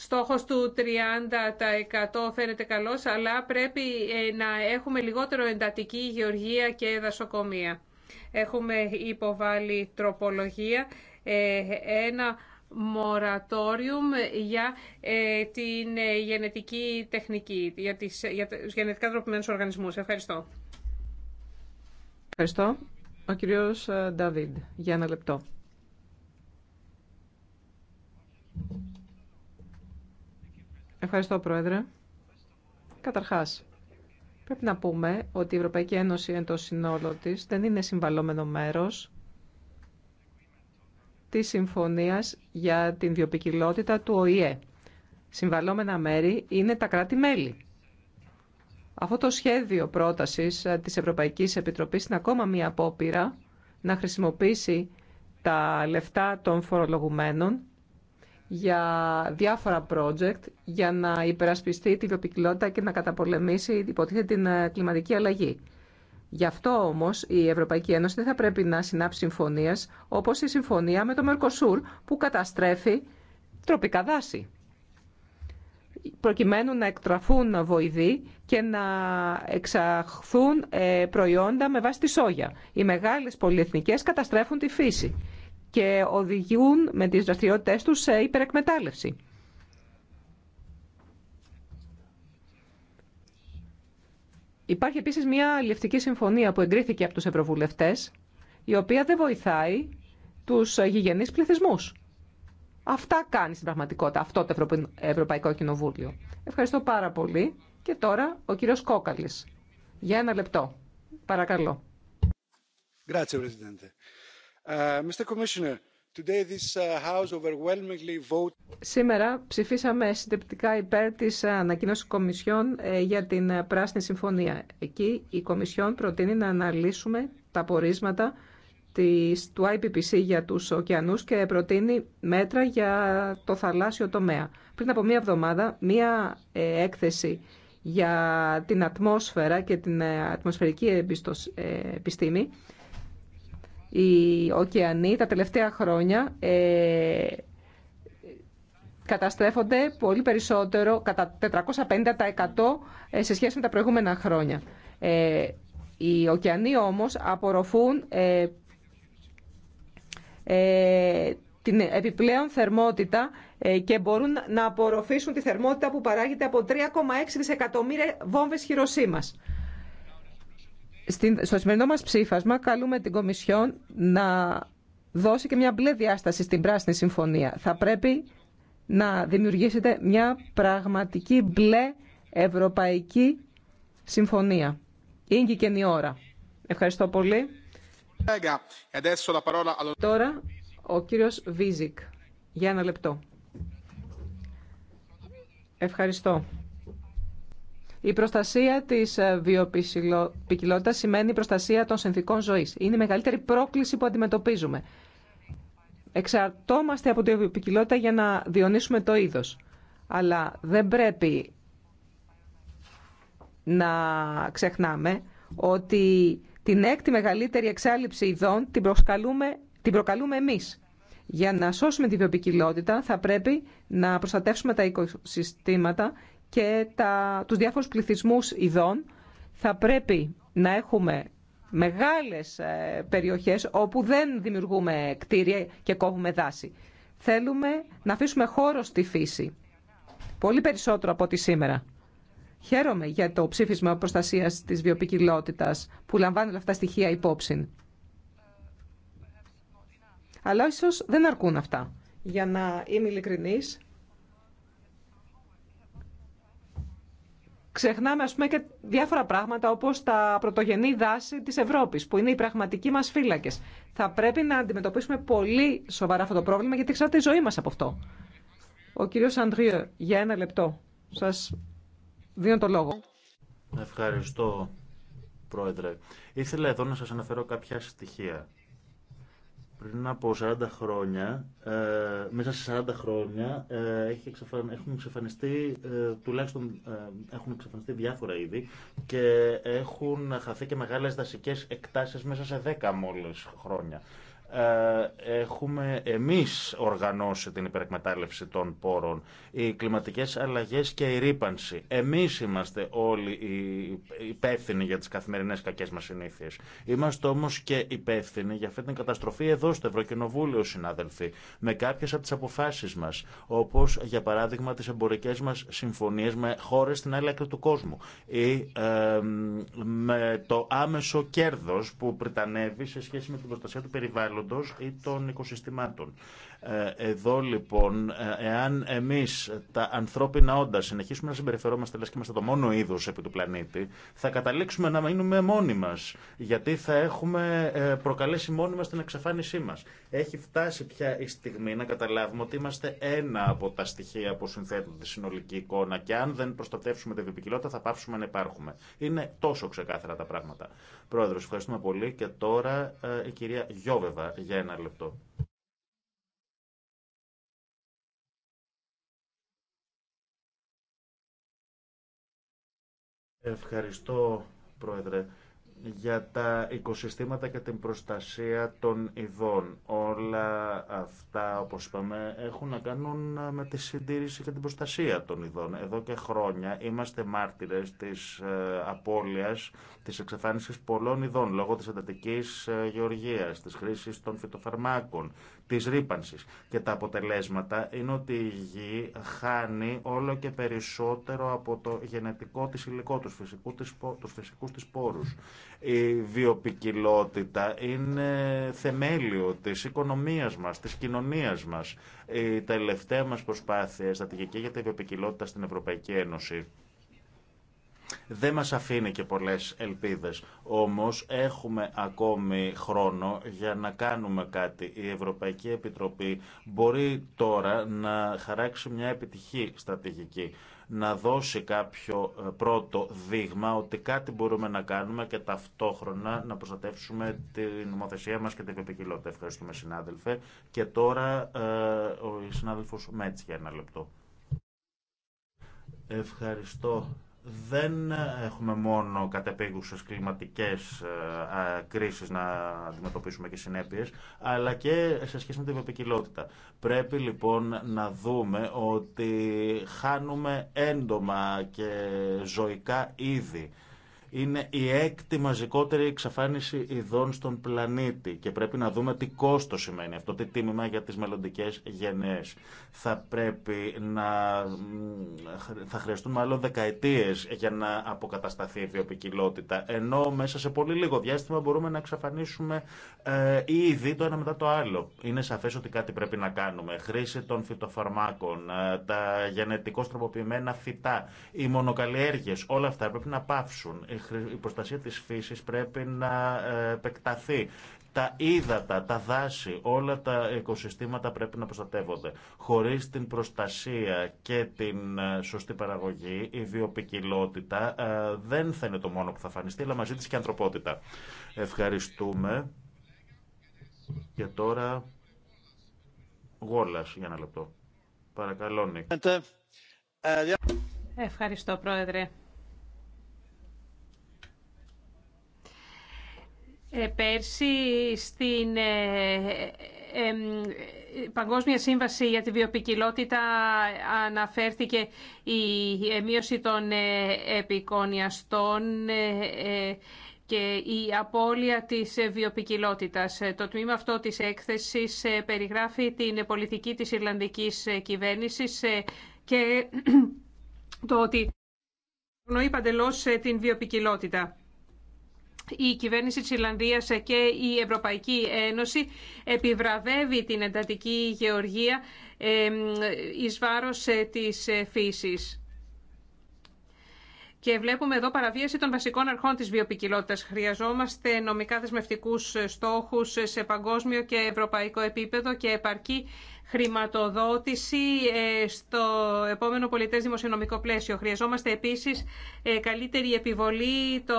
στόχος του 30% φαίνεται καλός, αλλά πρέπει ε, να έχουμε λιγότερο εντατική γεωργία και δασοκομεία. Έχουμε υποβάλει τροπολογία, ε, ένα μορατόριουμ για ε, την γενετική τεχνική, για, τις, για τους γενετικά τροπημένους οργανισμούς. Ευχαριστώ. Ευχαριστώ. Ο κύριος Νταβίντ, για ένα λεπτό. Ευχαριστώ, Πρόεδρε. Καταρχάς, πρέπει να πούμε ότι η Ευρωπαϊκή Ένωση εν το δεν είναι συμβαλόμενο μέρος τη Συμφωνίας για την Διοπικιλότητα του ΟΗΕ. Συμβαλόμενα μέρη είναι τα κράτη-μέλη. Αυτό το σχέδιο πρότασης της Ευρωπαϊκής Επιτροπής είναι ακόμα μία απόπειρα να χρησιμοποιήσει τα λεφτά των φορολογουμένων για διάφορα project για να υπερασπιστεί τη βιοπικιλότητα και να καταπολεμήσει υποτίθεται την ε, κλιματική αλλαγή. Γι' αυτό όμω η Ευρωπαϊκή Ένωση δεν θα πρέπει να συνάψει συμφωνίε όπω η συμφωνία με το Μερκοσούρ που καταστρέφει τροπικά δάση. Προκειμένου να εκτραφούν βοηθοί και να εξαχθούν ε, προϊόντα με βάση τη σόγια. Οι μεγάλες πολυεθνικές καταστρέφουν τη φύση και οδηγούν με τις δραστηριότητες τους σε υπερεκμετάλλευση. Υπάρχει επίσης μια αλληλευτική συμφωνία που εγκρίθηκε από τους ευρωβουλευτές, η οποία δεν βοηθάει τους γηγενείς πληθυσμούς. Αυτά κάνει στην πραγματικότητα αυτό το Ευρωπαϊκό Κοινοβούλιο. Ευχαριστώ πάρα πολύ. Και τώρα ο κύριος Κόκαλης. Για ένα λεπτό. Παρακαλώ. Uh, uh, Σήμερα ψηφίσαμε συντεπτικά υπέρ της uh, ανακοίνωσης Κομισιόν ε, για την ε, Πράσινη Συμφωνία. Εκεί η Κομισιόν προτείνει να αναλύσουμε τα πορίσματα της, του IPPC για τους ωκεανούς και προτείνει μέτρα για το θαλάσσιο τομέα. Πριν από μία εβδομάδα, μία ε, έκθεση για την ατμόσφαιρα και την ατμοσφαιρική επιστήμη οι ωκεανοί τα τελευταία χρόνια ε, καταστρέφονται πολύ περισσότερο, κατά 450% ε, σε σχέση με τα προηγούμενα χρόνια. Ε, οι ωκεανοί όμως απορροφούν ε, ε, την επιπλέον θερμότητα και μπορούν να απορροφήσουν τη θερμότητα που παράγεται από 3,6 δισεκατομμύρια βόμβες χειροσύμας στο σημερινό μας ψήφασμα καλούμε την Κομισιόν να δώσει και μια μπλε διάσταση στην Πράσινη Συμφωνία. Θα πρέπει να δημιουργήσετε μια πραγματική μπλε ευρωπαϊκή συμφωνία. Είναι και η ώρα. Ευχαριστώ πολύ. Τώρα ο κύριος Βίζικ. Για ένα λεπτό. Ευχαριστώ. Η προστασία τη ε, βιοποικιλότητα σημαίνει η προστασία των συνθήκων ζωή. Είναι η μεγαλύτερη πρόκληση που αντιμετωπίζουμε. Εξαρτόμαστε από τη βιοποικιλότητα για να διονύσουμε το είδο. Αλλά δεν πρέπει να ξεχνάμε ότι την έκτη μεγαλύτερη εξάλληψη ειδών την, προσκαλούμε, την προκαλούμε εμείς. Για να σώσουμε τη βιοπικιλότητα θα πρέπει να προστατεύσουμε τα οικοσυστήματα και τα, τους διάφορους πληθυσμούς ειδών θα πρέπει να έχουμε μεγάλες ε, περιοχές όπου δεν δημιουργούμε κτίρια και κόβουμε δάση. Θέλουμε να αφήσουμε χώρο στη φύση, πολύ περισσότερο από ό,τι σήμερα. Χαίρομαι για το ψήφισμα προστασίας της βιοπικιλότητας που λαμβάνει όλα αυτά τα στοιχεία υπόψη. Αλλά ίσως δεν αρκούν αυτά. Για να είμαι ειλικρινής, ξεχνάμε ας πούμε και διάφορα πράγματα όπως τα πρωτογενή δάση της Ευρώπης που είναι οι πραγματικοί μας φύλακες. Θα πρέπει να αντιμετωπίσουμε πολύ σοβαρά αυτό το πρόβλημα γιατί ξέρετε η ζωή μας από αυτό. Ο κύριος Ανδρίου, για ένα λεπτό. Σας δίνω το λόγο. Ευχαριστώ, Πρόεδρε. Ήθελα εδώ να σας αναφέρω κάποια στοιχεία πριν από 40 χρόνια, ε, μέσα σε 40 χρόνια ε, έχει έχουν εξαφανιστεί ε, τουλάχιστον ε, έχουν εξαφανιστεί διάφορα είδη και έχουν χαθεί και μεγάλες δασικές εκτάσεις μέσα σε 10 μόλις χρόνια. Ε, έχουμε εμείς οργανώσει την υπερεκμετάλλευση των πόρων, οι κλιματικές αλλαγές και η ρήπανση. Εμείς είμαστε όλοι οι υπεύθυνοι για τις καθημερινές κακές μας συνήθειες. Είμαστε όμως και υπεύθυνοι για αυτή την καταστροφή εδώ στο Ευρωκοινοβούλιο, συνάδελφοι, με κάποιες από τις αποφάσεις μας, όπως για παράδειγμα τις εμπορικές μας συμφωνίες με χώρες στην άλλη άκρη του κόσμου ή ε, με το άμεσο κέρδος που πριτανεύει σε σχέση με την προστασία του περιβάλλοντος περιβάλλοντος ή των οικοσυστημάτων. Ε, εδώ λοιπόν, ε, εάν εμεί τα ανθρώπινα όντα συνεχίσουμε να συμπεριφερόμαστε λες και είμαστε το μόνο είδο επί του πλανήτη, θα καταλήξουμε να μείνουμε μόνοι μα. Γιατί θα έχουμε ε, προκαλέσει μόνοι μα την εξαφάνισή μα. Έχει φτάσει πια η στιγμή να καταλάβουμε ότι είμαστε ένα από τα στοιχεία που συνθέτουν τη συνολική εικόνα και αν δεν προστατεύσουμε την βιοπικιλότητα θα πάψουμε να υπάρχουμε. Είναι τόσο ξεκάθαρα τα πράγματα. Πρόεδρος, ευχαριστούμε πολύ και τώρα η κυρία Γιώβεβα για ένα λεπτό. Ευχαριστώ, Πρόεδρε για τα οικοσυστήματα και την προστασία των ειδών. Όλα αυτά, όπως είπαμε, έχουν να κάνουν με τη συντήρηση και την προστασία των ειδών. Εδώ και χρόνια είμαστε μάρτυρες της ε, απώλειας, της εξαφάνισης πολλών ειδών, λόγω της εντατικής ε, γεωργίας, της χρήσης των φυτοφαρμάκων, της ρήπανση. Και τα αποτελέσματα είναι ότι η γη χάνει όλο και περισσότερο από το γενετικό της υλικό, τους φυσικούς της, τους της πόρους. Η βιοπικιλότητα είναι θεμέλιο της οικονομίας μας, της κοινωνίας μας. Η τελευταία μας προσπάθεια στρατηγική για τη βιοπικιλότητα στην Ευρωπαϊκή Ένωση δεν μας αφήνει και πολλές ελπίδες. Όμως έχουμε ακόμη χρόνο για να κάνουμε κάτι. Η Ευρωπαϊκή Επιτροπή μπορεί τώρα να χαράξει μια επιτυχή στρατηγική να δώσει κάποιο ε, πρώτο δείγμα ότι κάτι μπορούμε να κάνουμε και ταυτόχρονα να προστατεύσουμε την νομοθεσία μας και την επικοινότητα. Ευχαριστούμε συνάδελφε. Και τώρα ε, ο συνάδελφος Μέτς για ένα λεπτό. Ευχαριστώ δεν έχουμε μόνο κατεπήγουσες κλιματικές ε, κρίσεις να αντιμετωπίσουμε και συνέπειες, αλλά και σε σχέση με την επικοινότητα. Πρέπει λοιπόν να δούμε ότι χάνουμε έντομα και ζωικά είδη είναι η έκτη μαζικότερη εξαφάνιση ειδών στον πλανήτη και πρέπει να δούμε τι κόστο σημαίνει αυτό, τι τίμημα για τις μελλοντικέ γενναίες. Θα πρέπει να θα χρειαστούν μάλλον δεκαετίες για να αποκατασταθεί η βιοπικιλότητα, ενώ μέσα σε πολύ λίγο διάστημα μπορούμε να εξαφανίσουμε ε, ήδη το ένα μετά το άλλο. Είναι σαφές ότι κάτι πρέπει να κάνουμε. Χρήση των φυτοφαρμάκων, ε, τα γενετικώς τροποποιημένα φυτά, οι μονοκαλλιέργειες, όλα αυτά πρέπει να πάυσουν η προστασία της φύσης πρέπει να ε, επεκταθεί. Τα ύδατα, τα δάση, όλα τα οικοσυστήματα πρέπει να προστατεύονται. Χωρίς την προστασία και την ε, σωστή παραγωγή, η βιοπικιλότητα ε, δεν θα είναι το μόνο που θα φανιστεί, αλλά μαζί της και η ανθρωπότητα. Ευχαριστούμε. Και τώρα, Γόλας, για ένα λεπτό. Παρακαλώ, Νίκ. Ευχαριστώ, Πρόεδρε. Ε, πέρσι στην ε, ε, Παγκόσμια Σύμβαση για τη Βιοπικιλότητα αναφέρθηκε η μείωση των επικονιαστών και η απώλεια της βιοπικιλότητας. Το τμήμα αυτό της έκθεσης περιγράφει την πολιτική της Ιρλανδικής κυβέρνησης και το ότι γνωρίζει παντελώς την βιοπικιλότητα η κυβέρνηση της Ιρλανδίας και η Ευρωπαϊκή Ένωση επιβραβεύει την εντατική γεωργία εις βάρος ε, της ε, φύσης. Και βλέπουμε εδώ παραβίαση των βασικών αρχών της βιοπικιλότητας. Χρειαζόμαστε νομικά δεσμευτικούς στόχους σε παγκόσμιο και ευρωπαϊκό επίπεδο και επαρκή χρηματοδότηση ε, στο επόμενο πολιτές δημοσιονομικό πλαίσιο. Χρειαζόμαστε επίσης ε, καλύτερη επιβολή το,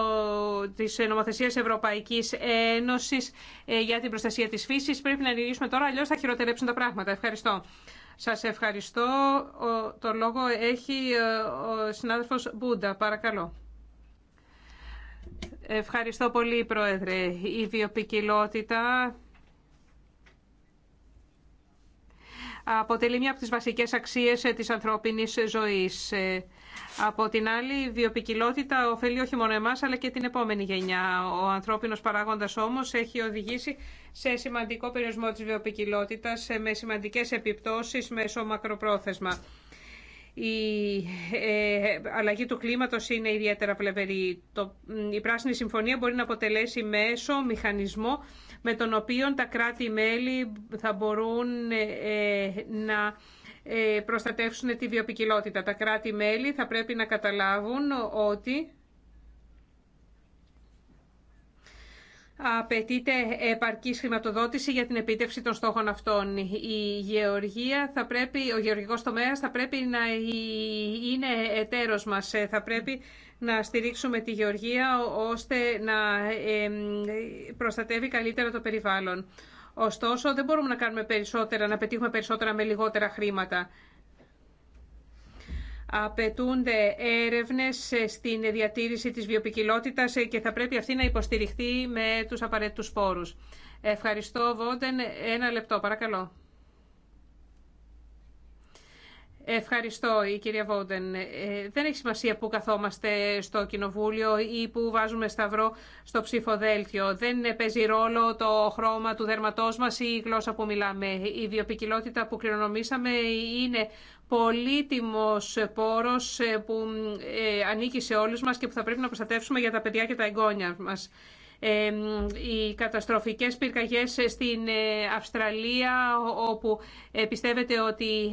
της νομοθεσίας Ευρωπαϊκής Ένωσης ε, για την προστασία της φύσης. Πρέπει να ενηγήσουμε τώρα, αλλιώς θα χειροτερέψουν τα πράγματα. Ευχαριστώ. Σας ευχαριστώ. Το λόγο έχει ο συνάδελφος Μπούντα. Παρακαλώ. Ευχαριστώ πολύ, Πρόεδρε. Η βιοπικιλότητα αποτελεί μια από τις βασικές αξίες ε, της ανθρώπινης ζωής. Ε, από την άλλη, η βιοπικιλότητα ωφελεί όχι μόνο εμάς, αλλά και την επόμενη γενιά. Ο ανθρώπινος παράγοντας όμως έχει οδηγήσει σε σημαντικό περιορισμό της βιοπικιλότητας, ε, με σημαντικές επιπτώσεις μέσω μακροπρόθεσμα. Η αλλαγή του κλίματος είναι ιδιαίτερα πλευρή. Η Πράσινη Συμφωνία μπορεί να αποτελέσει μέσο, μηχανισμό με τον οποίο τα κράτη-μέλη θα μπορούν ε, ε, να ε, προστατεύσουν τη βιοπικιλότητα. Τα κράτη-μέλη θα πρέπει να καταλάβουν ότι απαιτείται επαρκή χρηματοδότηση για την επίτευξη των στόχων αυτών. Η γεωργία θα πρέπει, ο γεωργικός τομέας θα πρέπει να είναι εταίρος μας. Θα πρέπει να στηρίξουμε τη γεωργία ώστε να προστατεύει καλύτερα το περιβάλλον. Ωστόσο, δεν μπορούμε να κάνουμε περισσότερα, να πετύχουμε περισσότερα με λιγότερα χρήματα. Απαιτούνται έρευνες στην διατήρηση της βιοπικιλότητας και θα πρέπει αυτή να υποστηριχθεί με τους απαραίτητους πόρους. Ευχαριστώ, Βόντεν. Ένα λεπτό, παρακαλώ. Ευχαριστώ, η κυρία Βόντεν. Ε, δεν έχει σημασία που καθόμαστε στο Κοινοβούλιο ή που βάζουμε σταυρό στο ψηφοδέλτιο. Δεν παίζει ρόλο το χρώμα του δέρματός μας ή η γλώσσα που μιλάμε. Η βιοπικιλότητα που κληρονομήσαμε είναι πολύτιμος πόρος ε, που ε, ανήκει σε όλους μας και που θα πρέπει να προστατεύσουμε για τα παιδιά και τα εγγόνια μας οι καταστροφικές πυρκαγιές στην ε, Αυστραλία όπου ε, πιστεύετε ότι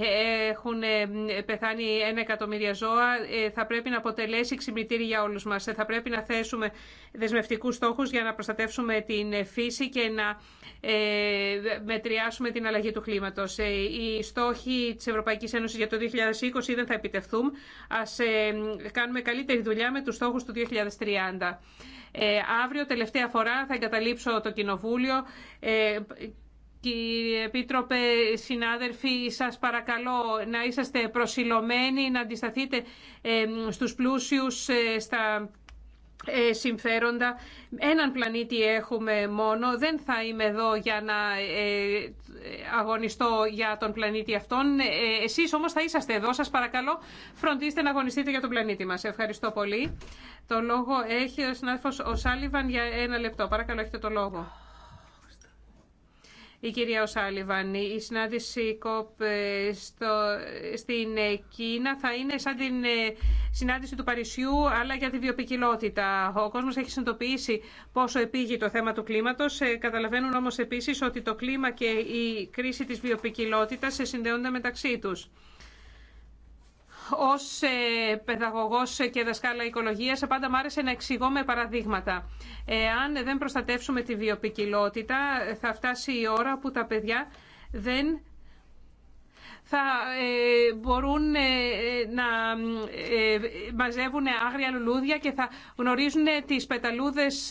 έχουν ε, πεθάνει ένα εκατομμύρια ζώα θα πρέπει να αποτελέσει ξυπνητήρι για όλους μας. Θα πρέπει να θέσουμε δεσμευτικούς στόχους για να προστατεύσουμε την φύση και να μετριάσουμε την αλλαγή του κλίματος. Οι στόχοι της Ευρωπαϊκής Ένωσης για το 2020 δεν θα επιτευθούν. Ας κάνουμε καλύτερη δουλειά με τους στόχους του 2030. Ε, αύριο τελευταία φορά θα εγκαταλείψω το Κοινοβούλιο. Ε, κύριε Επίτροπε, συνάδελφοι, σας παρακαλώ να είσαστε προσιλωμένοι, να αντισταθείτε ε, στους πλούσιους, στα ε, συμφέροντα. Έναν πλανήτη έχουμε μόνο. Δεν θα είμαι εδώ για να ε, αγωνιστώ για τον πλανήτη αυτόν. Ε, εσείς όμως θα είσαστε εδώ. Σας παρακαλώ φροντίστε να αγωνιστείτε για τον πλανήτη μας. Ευχαριστώ πολύ. Το λόγο έχει ο συνάδελφος ο Σάλιβαν για ένα λεπτό. Παρακαλώ έχετε το λόγο η κυρία Οσάλιβαν. Η συνάντηση ΚΟΠ ε, στο, στην ε, Κίνα θα είναι σαν την ε, συνάντηση του Παρισιού, αλλά για τη βιοπικιλότητα. Ο κόσμος έχει συνειδητοποιήσει πόσο επίγει το θέμα του κλίματος. Καταλαβαίνουν όμως επίσης ότι το κλίμα και η κρίση της βιοπικιλότητας συνδέονται μεταξύ τους ως ε, παιδαγωγός και δασκάλα οικολογία, πάντα μου άρεσε να εξηγώ με παραδείγματα. Εάν δεν προστατεύσουμε τη βιοπικιλότητα θα φτάσει η ώρα που τα παιδιά δεν θα ε, μπορούν ε, να μαζεύουν άγρια λουλούδια και θα γνωρίζουν τις πεταλούδες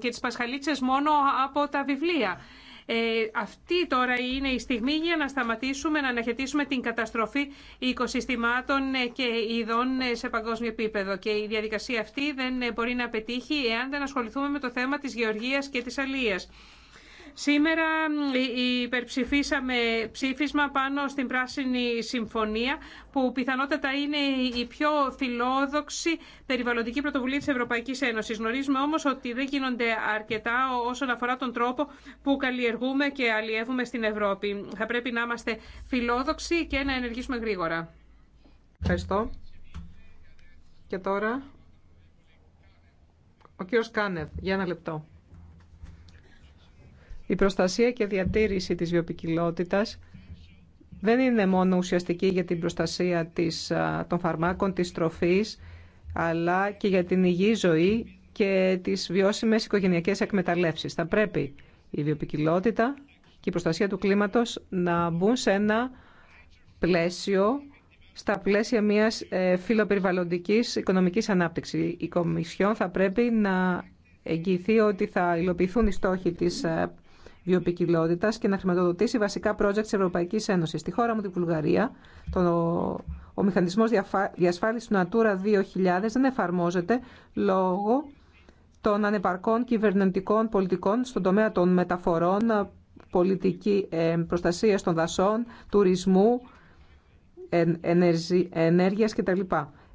και τις πασχαλίτσες μόνο από τα βιβλία. Ε, αυτή τώρα είναι η στιγμή για να σταματήσουμε να αναχαιτήσουμε την καταστροφή οικοσυστημάτων ε, και ειδών ε, σε παγκόσμιο επίπεδο. Και η διαδικασία αυτή δεν μπορεί να πετύχει εάν δεν ασχοληθούμε με το θέμα της γεωργίας και της αλίας. Σήμερα υπερψηφίσαμε ψήφισμα πάνω στην Πράσινη Συμφωνία που πιθανότατα είναι η πιο φιλόδοξη περιβαλλοντική πρωτοβουλία της Ευρωπαϊκής Ένωσης. Γνωρίζουμε όμως ότι δεν γίνονται αρκετά όσον αφορά τον τρόπο που καλλιεργούμε και αλλιεύουμε στην Ευρώπη. Θα πρέπει να είμαστε φιλόδοξοι και να ενεργήσουμε γρήγορα. Ευχαριστώ. Και τώρα ο κύριος Κάνευ για ένα λεπτό. Η προστασία και διατήρηση της βιοπικιλότητας δεν είναι μόνο ουσιαστική για την προστασία της, των φαρμάκων, της τροφής, αλλά και για την υγιή ζωή και τις βιώσιμες οικογενειακές εκμεταλλεύσεις. Θα πρέπει η βιοπικιλότητα και η προστασία του κλίματος να μπουν σε ένα πλαίσιο στα πλαίσια μιας ε, φιλοπεριβαλλοντικής οικονομικής ανάπτυξης. Η Κομισιόν θα πρέπει να εγγυηθεί ότι θα υλοποιηθούν οι στόχοι της ε, βιοπικιλότητα και να χρηματοδοτήσει βασικά project τη Ευρωπαϊκή Ένωση. Στη χώρα μου, τη Βουλγαρία, το... Ο μηχανισμός διασφάλισης του Natura 2000 δεν εφαρμόζεται λόγω των ανεπαρκών κυβερνητικών πολιτικών στον τομέα των μεταφορών, πολιτική ε, προστασία των δασών, τουρισμού, ενέργεια κτλ.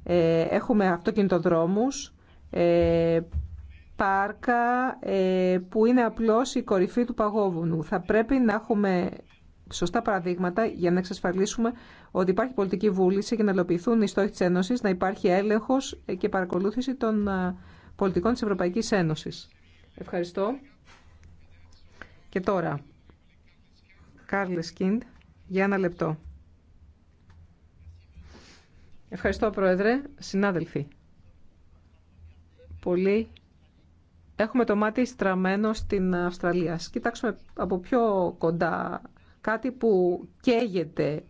Ε, έχουμε αυτοκινητοδρόμους ε, πάρκα ε, που είναι απλώς η κορυφή του παγόβουνου. Θα πρέπει να έχουμε σωστά παραδείγματα για να εξασφαλίσουμε ότι υπάρχει πολιτική βούληση για να ελοπιθούν οι στόχοι της Ένωσης, να υπάρχει έλεγχος και παρακολούθηση των ε, πολιτικών της Ευρωπαϊκής Ένωσης. Ευχαριστώ. Και τώρα, Κάρλε Κίντ, για ένα λεπτό. Ευχαριστώ, Πρόεδρε. Συνάδελφοι, πολύ έχουμε το μάτι στραμμένο στην Αυστραλία. Ας κοιτάξουμε από πιο κοντά κάτι που καίγεται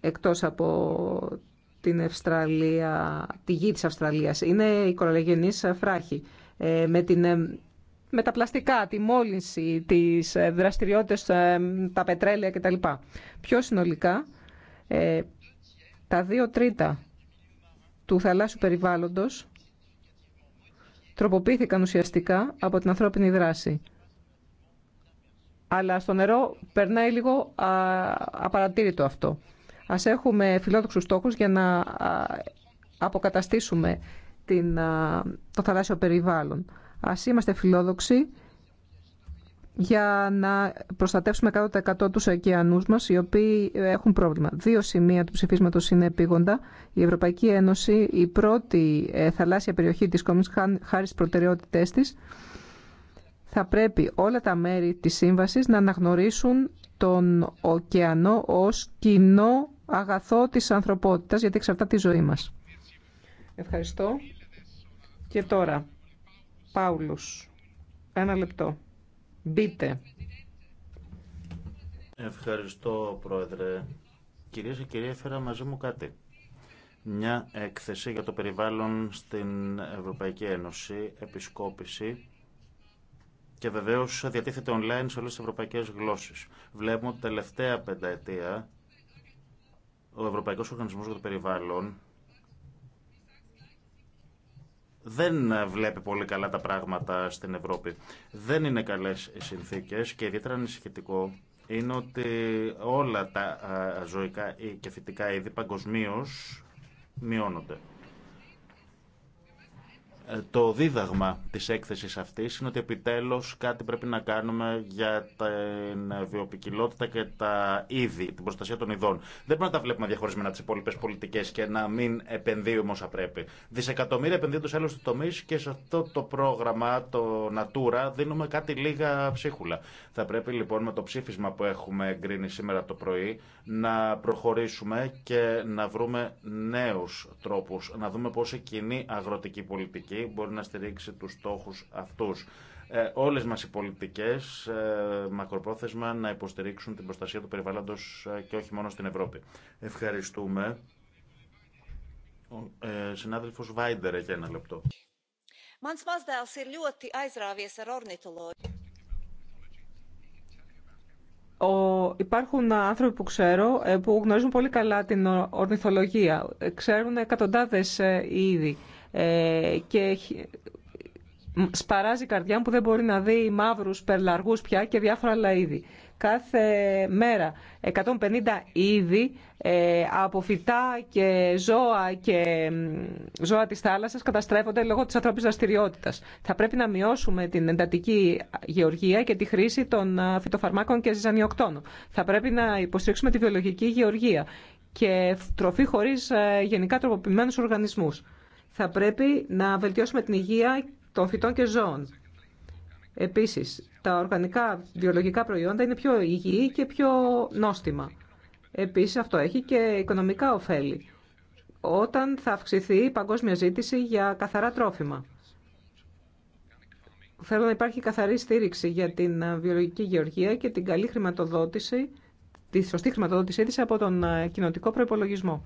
εκτός από την Αυστραλία, τη γη της Αυστραλίας. Είναι η κορολογενής φράχη. Ε, με, την, ε, τα πλαστικά, τη μόλυνση, τις ε, δραστηριότητες, τα πετρέλαια κτλ. Πιο συνολικά, τα δύο τρίτα του θαλάσσιου περιβάλλοντος τροποποιήθηκαν ουσιαστικά από την ανθρώπινη δράση. Αλλά στο νερό περνάει λίγο απαρατήρητο αυτό. Ας έχουμε φιλόδοξους στόχους για να αποκαταστήσουμε την, το θαλάσσιο περιβάλλον. Ας είμαστε φιλόδοξοι για να προστατεύσουμε 100% τους ωκεανούς μας, οι οποίοι έχουν πρόβλημα. Δύο σημεία του ψηφίσματος είναι επίγοντα. Η Ευρωπαϊκή Ένωση, η πρώτη ε, θαλάσσια περιοχή της Κόμινς, χάρη στις προτεραιότητές της, θα πρέπει όλα τα μέρη της σύμβασης να αναγνωρίσουν τον ωκεανό ως κοινό αγαθό της ανθρωπότητας, γιατί εξαρτάται τη ζωή μας. Ευχαριστώ. Και τώρα, Πάουλος, ένα λεπτό. Ευχαριστώ, Πρόεδρε. Κυρίες και κύριοι, έφερα μαζί μου κάτι. Μια έκθεση για το περιβάλλον στην Ευρωπαϊκή Ένωση, επισκόπηση και βεβαίως διατίθεται online σε όλες τις ευρωπαϊκές γλώσσες. Βλέπουμε ότι τελευταία πενταετία ο Ευρωπαϊκός Οργανισμός για το Περιβάλλον δεν βλέπει πολύ καλά τα πράγματα στην Ευρώπη. Δεν είναι καλές οι συνθήκες και ιδιαίτερα ανησυχητικό είναι ότι όλα τα ζωικά και φυτικά είδη παγκοσμίω μειώνονται το δίδαγμα της έκθεσης αυτής είναι ότι επιτέλους κάτι πρέπει να κάνουμε για την βιοπικιλότητα και τα είδη, την προστασία των ειδών. Δεν πρέπει να τα βλέπουμε διαχωρισμένα τις υπόλοιπε πολιτικές και να μην επενδύουμε όσα πρέπει. Δισεκατομμύρια επενδύονται σε άλλους τομείς και σε αυτό το πρόγραμμα, το Natura, δίνουμε κάτι λίγα ψίχουλα. Θα πρέπει λοιπόν με το ψήφισμα που έχουμε εγκρίνει σήμερα το πρωί να προχωρήσουμε και να βρούμε νέους τρόπους, να δούμε πώς η κοινή αγροτική πολιτική μπορεί να στηρίξει τους στόχους αυτούς. Ε, όλες μας οι πολιτικές ε, μακροπρόθεσμα να υποστηρίξουν την προστασία του περιβάλλοντος ε, και όχι μόνο στην Ευρώπη. Ευχαριστούμε. Ο, ε, συνάδελφος Βάιντερ έχει ένα λεπτό. Ο, υπάρχουν άνθρωποι που ξέρω ε, που γνωρίζουν πολύ καλά την ορνηθολογία. Ξέρουν εκατοντάδες είδη. Ε, και σπαράζει η καρδιά μου που δεν μπορεί να δει μαύρους περλαργούς πια και διάφορα άλλα είδη. Κάθε μέρα 150 είδη ε, από φυτά και ζώα και ζώα της θάλασσας καταστρέφονται λόγω της ανθρώπινης δραστηριότητα. Θα πρέπει να μειώσουμε την εντατική γεωργία και τη χρήση των ε, φυτοφαρμάκων και ζυζανιοκτώνων. Θα πρέπει να υποστηρίξουμε τη βιολογική γεωργία και τροφή χωρίς γενικά τροποποιημένους οργανισμούς θα πρέπει να βελτιώσουμε την υγεία των φυτών και ζώων. Επίσης, τα οργανικά βιολογικά προϊόντα είναι πιο υγιή και πιο νόστιμα. Επίσης, αυτό έχει και οικονομικά ωφέλη. Όταν θα αυξηθεί η παγκόσμια ζήτηση για καθαρά τρόφιμα. Θέλω να υπάρχει καθαρή στήριξη για την βιολογική γεωργία και την καλή χρηματοδότηση, τη σωστή χρηματοδότησή της από τον κοινοτικό προϋπολογισμό.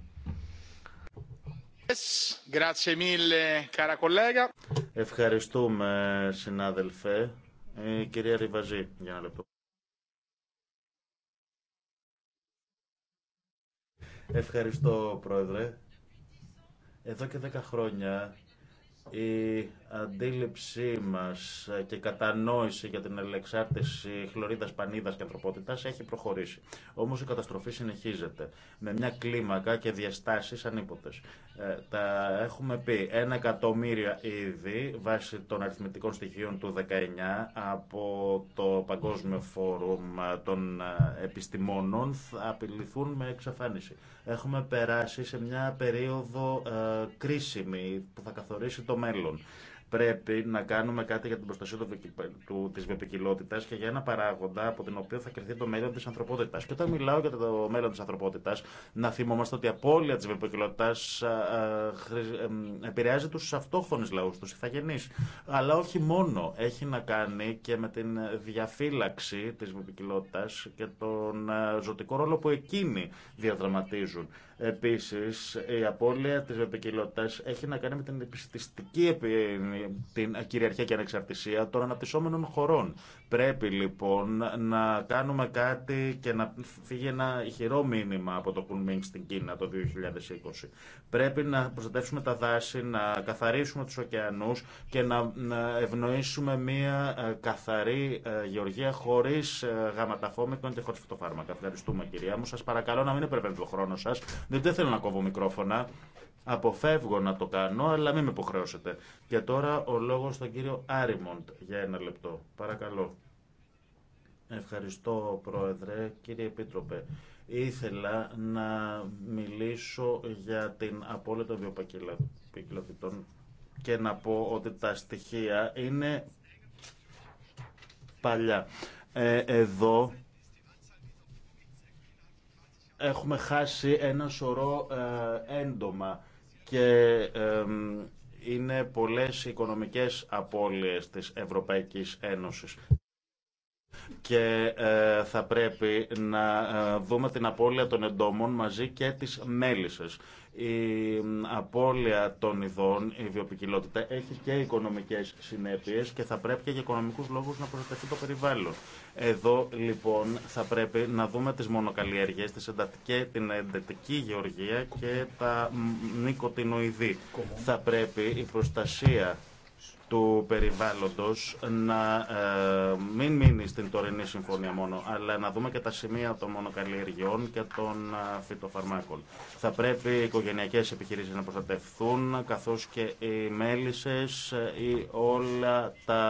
Ευχαριστούμε, συνάδελφε. Η ε, κυρία Ριβαζή, για ένα λεπτό. Ευχαριστώ, Πρόεδρε. Εδώ και δέκα χρόνια η αντίληψή μας και κατανόηση για την ελεξάρτηση χλωρίδας πανίδας και ανθρωπότητας έχει προχωρήσει. Όμως η καταστροφή συνεχίζεται με μια κλίμακα και διαστάσεις ανίποτες. Ε, τα έχουμε πει ένα εκατομμύριο ήδη βάσει των αριθμητικών στοιχείων του 19 από το Παγκόσμιο Φόρουμ των ε, Επιστημόνων θα απειληθούν με εξαφάνιση. Έχουμε περάσει σε μια περίοδο ε, κρίσιμη που θα καθορίσει το μέλλον. Πρέπει να κάνουμε κάτι για την προστασία τη βιοπικιλότητα και για ένα παράγοντα από τον οποίο θα κρυθεί το μέλλον τη ανθρωπότητα. Και όταν μιλάω για το μέλλον τη ανθρωπότητα, να θυμόμαστε ότι η απώλεια τη βιοπικιλότητα επηρεάζει του αυτόχθονε λαού, του ηθαγενεί. Αλλά όχι μόνο. Έχει να κάνει και με την διαφύλαξη τη βιοπικιλότητα και τον ε, ζωτικό ρόλο που εκείνοι διαδραματίζουν. Επίση, η απώλεια τη επικοινότητα έχει να κάνει με την επιστηστική την κυριαρχία και ανεξαρτησία των αναπτυσσόμενων χωρών. Πρέπει λοιπόν να κάνουμε κάτι και να φύγει ένα ηχηρό μήνυμα από το Κουνμίνγκ στην Κίνα το 2020. Πρέπει να προστατεύσουμε τα δάση, να καθαρίσουμε του ωκεανού και να ευνοήσουμε μια ε, καθαρή ε, γεωργία χωρί ε, γαματαφόμικων και χωρί φυτοφάρμακα. Ευχαριστούμε κυρία μου. Σα παρακαλώ να μην επερβαίνετε το χρόνο σα δεν θέλω να κόβω μικρόφωνα. Αποφεύγω να το κάνω, αλλά μην με υποχρεώσετε. Και τώρα ο λόγος στον κύριο Άριμοντ για ένα λεπτό. Παρακαλώ. Ευχαριστώ, Πρόεδρε. Κύριε Επίτροπε, ήθελα να μιλήσω για την απόλυτα βιοπακυλαφητών και να πω ότι τα στοιχεία είναι παλιά. Ε, εδώ έχουμε χάσει ένα σωρό ε, έντομα και είναι πολλές οι οικονομικές απώλειες της Ευρωπαϊκής Ένωσης. Και ε, θα πρέπει να ε, δούμε την απώλεια των εντόμων μαζί και τις μέλισσες. Η απώλεια των ειδών, η βιοπικιλότητα, έχει και οικονομικές συνέπειες και θα πρέπει και για οικονομικούς λόγους να προστατευτεί το περιβάλλον. Εδώ λοιπόν θα πρέπει να δούμε τις μονοκαλλιέργειες, τις εντατικές, την εντατική γεωργία και τα νοικοτινοειδή. Θα πρέπει η προστασία του περιβάλλοντος να ε, μην μείνει στην τωρινή συμφωνία μόνο, αλλά να δούμε και τα σημεία των μονοκαλλιεργειών και των ε, φυτοφαρμάκων. Θα πρέπει οι οικογενειακές επιχειρήσεις να προστατευθούν, καθώς και οι μέλισσες ε, ή όλα τα,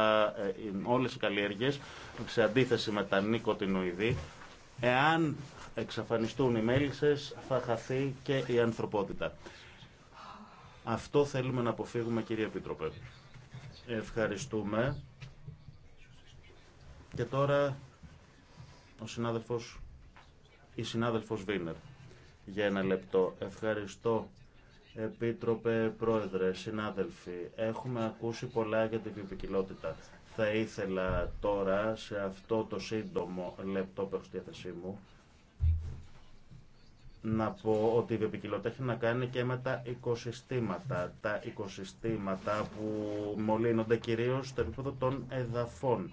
όλες οι καλλιέργειες, σε αντίθεση με τα νοικοτινοειδή, εάν εξαφανιστούν οι μέλισσες θα χαθεί και η ανθρωπότητα. Αυτό θέλουμε να αποφύγουμε κύριε Επίτροπε. Ευχαριστούμε. Και τώρα ο συνάδελφος, η συνάδελφος Βίνερ για ένα λεπτό. Ευχαριστώ. Επίτροπε Πρόεδρε, συνάδελφοι, έχουμε ακούσει πολλά για την βιοπικιλότητα. Θα ήθελα τώρα σε αυτό το σύντομο λεπτό που έχω στη διάθεσή μου να πω ότι η βιοπικιλότητα έχει να κάνει και με τα οικοσυστήματα. Τα οικοσυστήματα που μολύνονται κυρίως στο επίπεδο των εδαφών.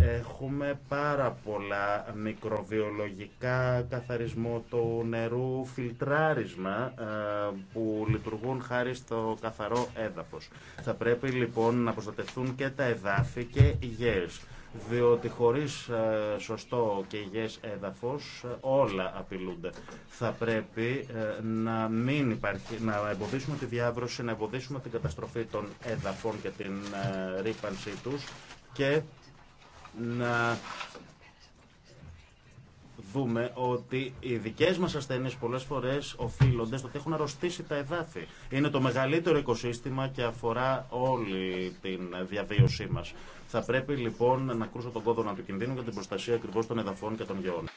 Έχουμε πάρα πολλά μικροβιολογικά, καθαρισμό του νερού, φιλτράρισμα ε, που λειτουργούν χάρη στο καθαρό έδαφος. Θα πρέπει λοιπόν να προστατευτούν και τα εδάφη και οι γέες διότι χωρίς ε, σωστό και υγιές έδαφος ε, όλα απειλούνται. Θα πρέπει ε, να μην να εμποδίσουμε τη διάβρωση, να εμποδίσουμε την καταστροφή των έδαφων και την ρήπανσή τους και να δούμε ότι οι δικές μας ασθένειες πολλές φορές οφείλονται στο ότι έχουν αρρωστήσει τα εδάφη. Είναι το μεγαλύτερο οικοσύστημα και αφορά όλη την διαβίωσή μας. Θα πρέπει λοιπόν να κρούσω τον κόδωνα του κινδύνου για την προστασία ακριβώ των εδαφών και των γεών.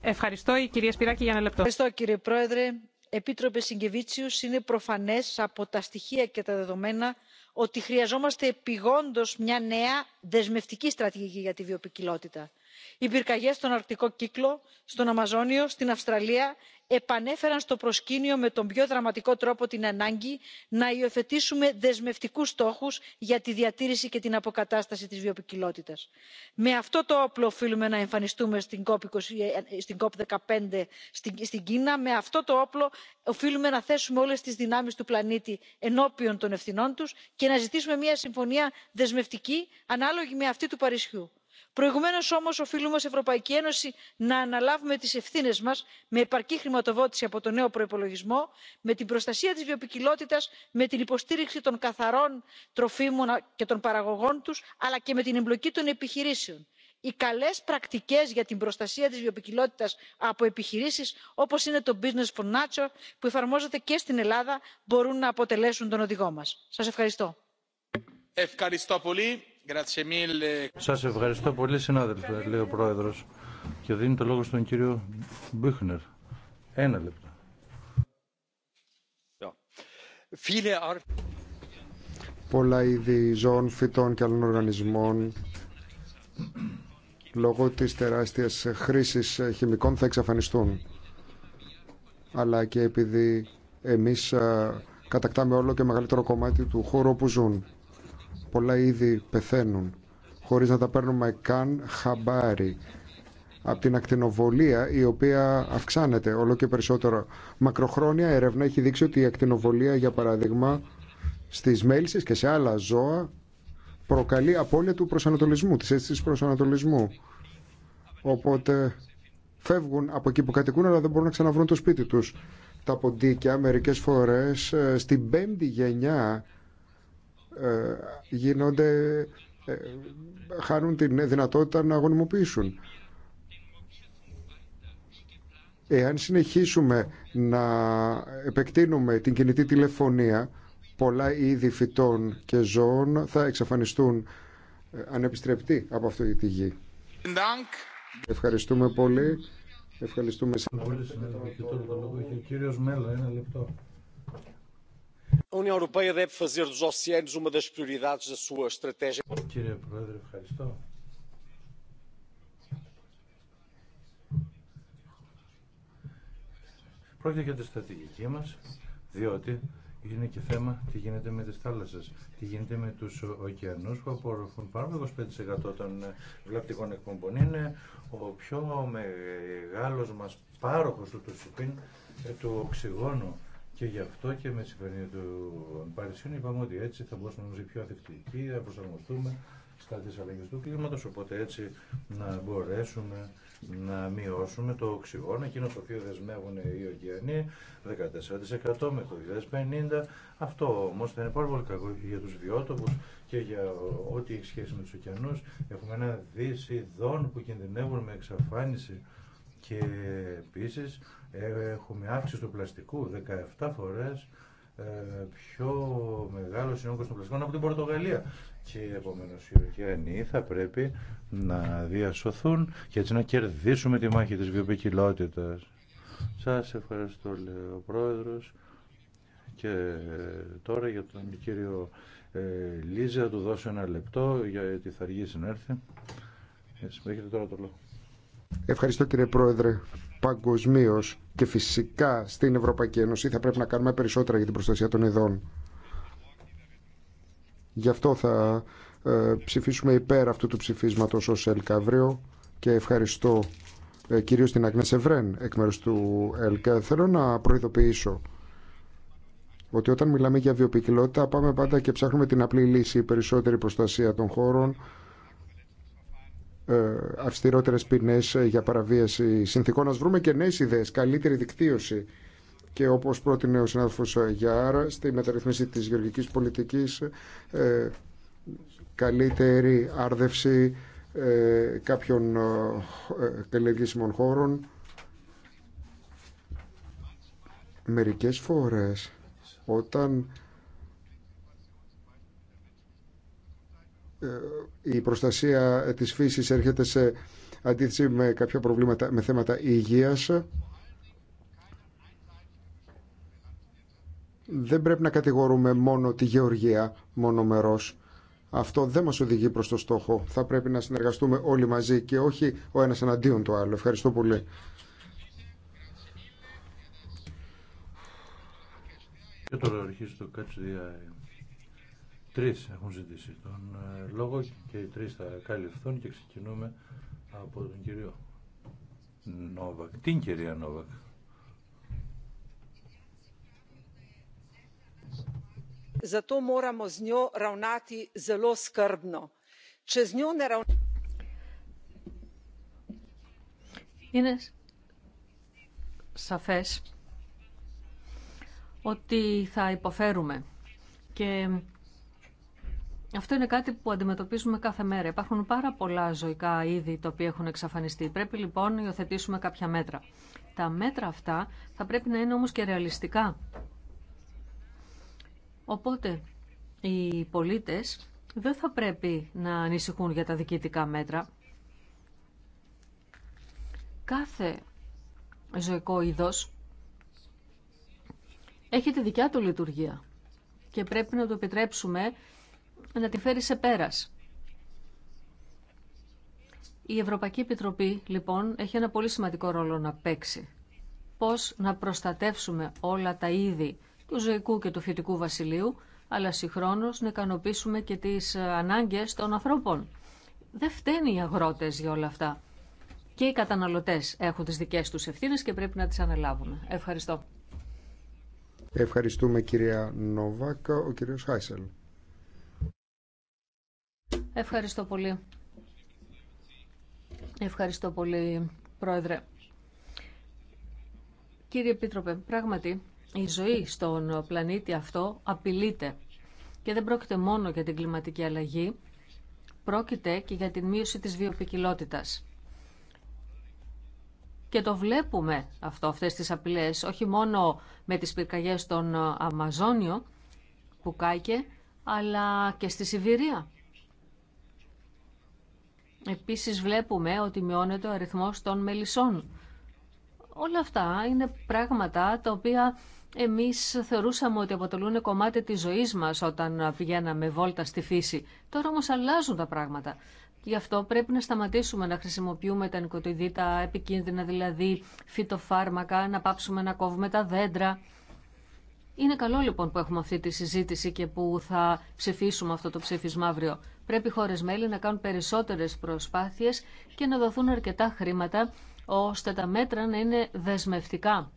Ευχαριστώ η κυρία Σπυράκη για ένα λεπτό. Ευχαριστώ κύριε Πρόεδρε. Επίτροπε Συγκεβίτσιους, είναι προφανέ από τα στοιχεία και τα δεδομένα ότι χρειαζόμαστε επιγόντω μια νέα δεσμευτική στρατηγική για τη βιοποικιλότητα οι πυρκαγιές στον αρκτικό κύκλο στον αμαζόνιο στην αυστραλία επανέφεραν στο προσκήνιο με τον πιο δραματικό τρόπο την ανάγκη να υιοθετήσουμε δεσμευτικούς στόχους για τη διατήρηση και την αποκατάσταση της βιοποικιλότητας. με αυτό το όπλο οφείλουμε να εμφανιστούμε στην cop δεκαπέντε στην κίνα με αυτό το όπλο οφείλουμε να θέσουμε όλες τις δυνάμεις του πλανήτη ενώπιον των ευθυνών τους και να ζητήσουμε μια συμφωνία δεσμευτική ανάλογη με αυτή του παρισιού προηγουμένω όμω οφείλουμε ω ευρωπαϊκή ένωση να αναλάβουμε τι ευθύνε μα με επαρκή χρηματοδότηση από τον νέο προπολογισμό με την προστασία τη βιοποικιλότητα με την υποστήριξη των καθαρών τροφίμων και των παραγωγών του αλλά και με την εμπλοκή των επιχειρήσεων. οι καλέ πρακτικέ για την προστασία τη βιοποικιλότητα από επιχειρήσει όπω είναι το business for nature που εφαρμόζεται και στην ελλάδα μπορούν να αποτελέσουν τον οδηγό μα. σα ευχαριστώ. Σας ευχαριστώ πολύ συνάδελφε, λέει ο Πρόεδρος. Και δίνει το λόγο στον κύριο Μπίχνερ. Ένα λεπτό. Πολλά είδη ζώων, φυτών και άλλων οργανισμών λόγω της τεράστιας χρήσης χημικών θα εξαφανιστούν. Αλλά και επειδή εμείς ε, κατακτάμε όλο και μεγαλύτερο κομμάτι του χώρου όπου ζουν. Πολλά είδη πεθαίνουν χωρίς να τα παίρνουμε καν χαμπάρι από την ακτινοβολία η οποία αυξάνεται όλο και περισσότερο. Μακροχρόνια έρευνα έχει δείξει ότι η ακτινοβολία για παράδειγμα στις μέλισσες και σε άλλα ζώα προκαλεί απώλεια του προσανατολισμού, της αίσθησης προσανατολισμού. Οπότε φεύγουν από εκεί που κατοικούν αλλά δεν μπορούν να ξαναβρούν το σπίτι τους. Τα ποντίκια μερικές φορές ε, στην πέμπτη γενιά ε, γίνονται, ε, χάνουν την δυνατότητα να αγωνιμοποιήσουν. Εάν συνεχίσουμε να επεκτείνουμε την κινητή τηλεφωνία, πολλά είδη φυτών και ζώων θα εξαφανιστούν ε, ανεπιστρεπτοί από αυτή τη γη. Ευχαριστούμε πολύ. Ευχαριστούμε. Πολύ Κύριε Πρόεδρε, ευχαριστώ. Πρόκειται για τη στρατηγική μα, διότι είναι και θέμα τι γίνεται με τι θάλασσε. τι γίνεται με του ωκεανού που απορροφούν πάνω από 25% των ε, βλαπτικών εκπομπών. Είναι ο πιο μεγάλο μας πάροχος του, του, ε, του οξυγόνου και γι' αυτό και με τη συμφωνία του Παρισιού είπαμε ότι έτσι θα μπορούσαμε να είμαστε πιο αθεκτικοί, να προσαρμοστούμε στα τις αλλαγές του κλίματος, Οπότε έτσι να μπορέσουμε να μειώσουμε το οξυγόνο, εκείνο το οποίο δεσμεύουν οι ωκεανοί, 14% με το 2050. Αυτό όμω θα είναι πάρα πολύ κακό για τους βιώτοπους και για ό,τι έχει σχέση με του ωκεανούς. Έχουμε ένα δις ειδών που κινδυνεύουν με εξαφάνιση και επίση ε, έχουμε αύξηση του πλαστικού 17 φορές ε, πιο μεγάλο συνόγκο των πλαστικών από την Πορτογαλία. Και επομένω οι ωκεανοί θα πρέπει να διασωθούν και έτσι να κερδίσουμε τη μάχη της βιοποικιλότητας. Σας ευχαριστώ, λέει ο Πρόεδρος. Και τώρα για τον κύριο ε, Λίζα του δώσω ένα λεπτό γιατί θα αργήσει να έρθει. Έχετε τώρα το λόγο. Ευχαριστώ κύριε Πρόεδρε παγκοσμίω και φυσικά στην Ευρωπαϊκή Ένωση θα πρέπει να κάνουμε περισσότερα για την προστασία των ειδών. Γι' αυτό θα ε, ψηφίσουμε υπέρ αυτού του ψηφίσματος ως ΕΛΚ αύριο και ευχαριστώ ε, κυρίως την Αγνές Ευρέν εκ μέρους του ΕΛΚ. Θέλω να προειδοποιήσω ότι όταν μιλάμε για βιοποικιλότητα πάμε πάντα και ψάχνουμε την απλή λύση, περισσότερη προστασία των χώρων, ε, αυστηρότερες ποινές ε, για παραβίαση συνθήκων. Να βρούμε και νέες ιδέες, καλύτερη δικτύωση και όπως πρότεινε ο συνάδελφος Γιάρα στη μεταρρυθμίση της γεωργικής πολιτικής ε, καλύτερη άρδευση κάποιων καλλιεργήσιμων χώρων. Μερικές φορές όταν Ε, η προστασία ε, της φύσης έρχεται σε αντίθεση με κάποια προβλήματα, με θέματα υγείας. Δεν πρέπει να κατηγορούμε μόνο τη γεωργία μόνο μονομερός. Αυτό δεν μας οδηγεί προς το στόχο. Θα πρέπει να συνεργαστούμε όλοι μαζί και όχι ο ένας εναντίον του άλλου. Ευχαριστώ πολύ. τώρα αρχίζει το Τρει έχουν ζητήσει τον ε, λόγο και οι τρει θα καλυφθούν και ξεκινούμε από τον κύριο Νόβακ. Την κυρία Νόβακ. Είναι σαφές ότι θα υποφέρουμε και αυτό είναι κάτι που αντιμετωπίζουμε κάθε μέρα. Υπάρχουν πάρα πολλά ζωικά είδη τα οποία έχουν εξαφανιστεί. Πρέπει λοιπόν να υιοθετήσουμε κάποια μέτρα. Τα μέτρα αυτά θα πρέπει να είναι όμως και ρεαλιστικά. Οπότε οι πολίτες δεν θα πρέπει να ανησυχούν για τα διοικητικά μέτρα. Κάθε ζωικό είδος έχει τη δικιά του λειτουργία και πρέπει να το επιτρέψουμε να τη φέρει σε πέρας. Η Ευρωπαϊκή Επιτροπή, λοιπόν, έχει ένα πολύ σημαντικό ρόλο να παίξει. Πώς να προστατεύσουμε όλα τα είδη του ζωικού και του φυτικού βασιλείου, αλλά συγχρόνως να ικανοποιήσουμε και τις ε, ανάγκες των ανθρώπων. Δεν φταίνουν οι αγρότες για όλα αυτά. Και οι καταναλωτές έχουν τις δικές τους ευθύνες και πρέπει να τις αναλάβουμε. Ευχαριστώ. Ευχαριστούμε κυρία Νόβακ, ο κύριος Χάισελ. Ευχαριστώ πολύ. Ευχαριστώ πολύ, Πρόεδρε. Κύριε Επίτροπε, πράγματι η ζωή στον πλανήτη αυτό απειλείται και δεν πρόκειται μόνο για την κλιματική αλλαγή, πρόκειται και για την μείωση της βιοπικιλότητας. Και το βλέπουμε αυτό, αυτές τις απειλές, όχι μόνο με τις πυρκαγιές στον Αμαζόνιο που κάηκε, αλλά και στη Σιβηρία Επίσης βλέπουμε ότι μειώνεται ο αριθμός των μελισσών. Όλα αυτά είναι πράγματα τα οποία εμείς θεωρούσαμε ότι αποτελούν κομμάτι της ζωής μας όταν πηγαίναμε βόλτα στη φύση. Τώρα όμως αλλάζουν τα πράγματα. Γι' αυτό πρέπει να σταματήσουμε να χρησιμοποιούμε τα νοικοτοειδήτα επικίνδυνα, δηλαδή φυτοφάρμακα, να πάψουμε να κόβουμε τα δέντρα. Είναι καλό λοιπόν που έχουμε αυτή τη συζήτηση και που θα ψηφίσουμε αυτό το ψήφισμα αύριο. Πρέπει οι χώρες μέλη να κάνουν περισσότερες προσπάθειες και να δοθούν αρκετά χρήματα ώστε τα μέτρα να είναι δεσμευτικά.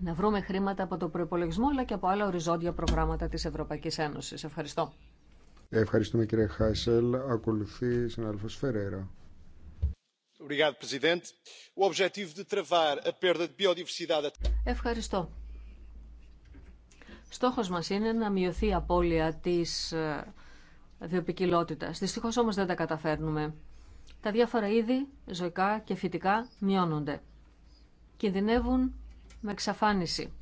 Να βρούμε χρήματα από το προπολογισμό αλλά και από άλλα οριζόντια προγράμματα της Ευρωπαϊκής Ένωσης. Ευχαριστώ. Ευχαριστούμε κύριε Χάισελ. Ακολουθεί συνάδελφος Φερέρα. Ευχαριστώ. Στόχος μας είναι να μειωθεί η απώλεια της ε, βιοπικιλότητας. Δυστυχώς όμως δεν τα καταφέρνουμε. Τα διάφορα είδη, ζωικά και φυτικά, μειώνονται. Κινδυνεύουν με εξαφάνιση.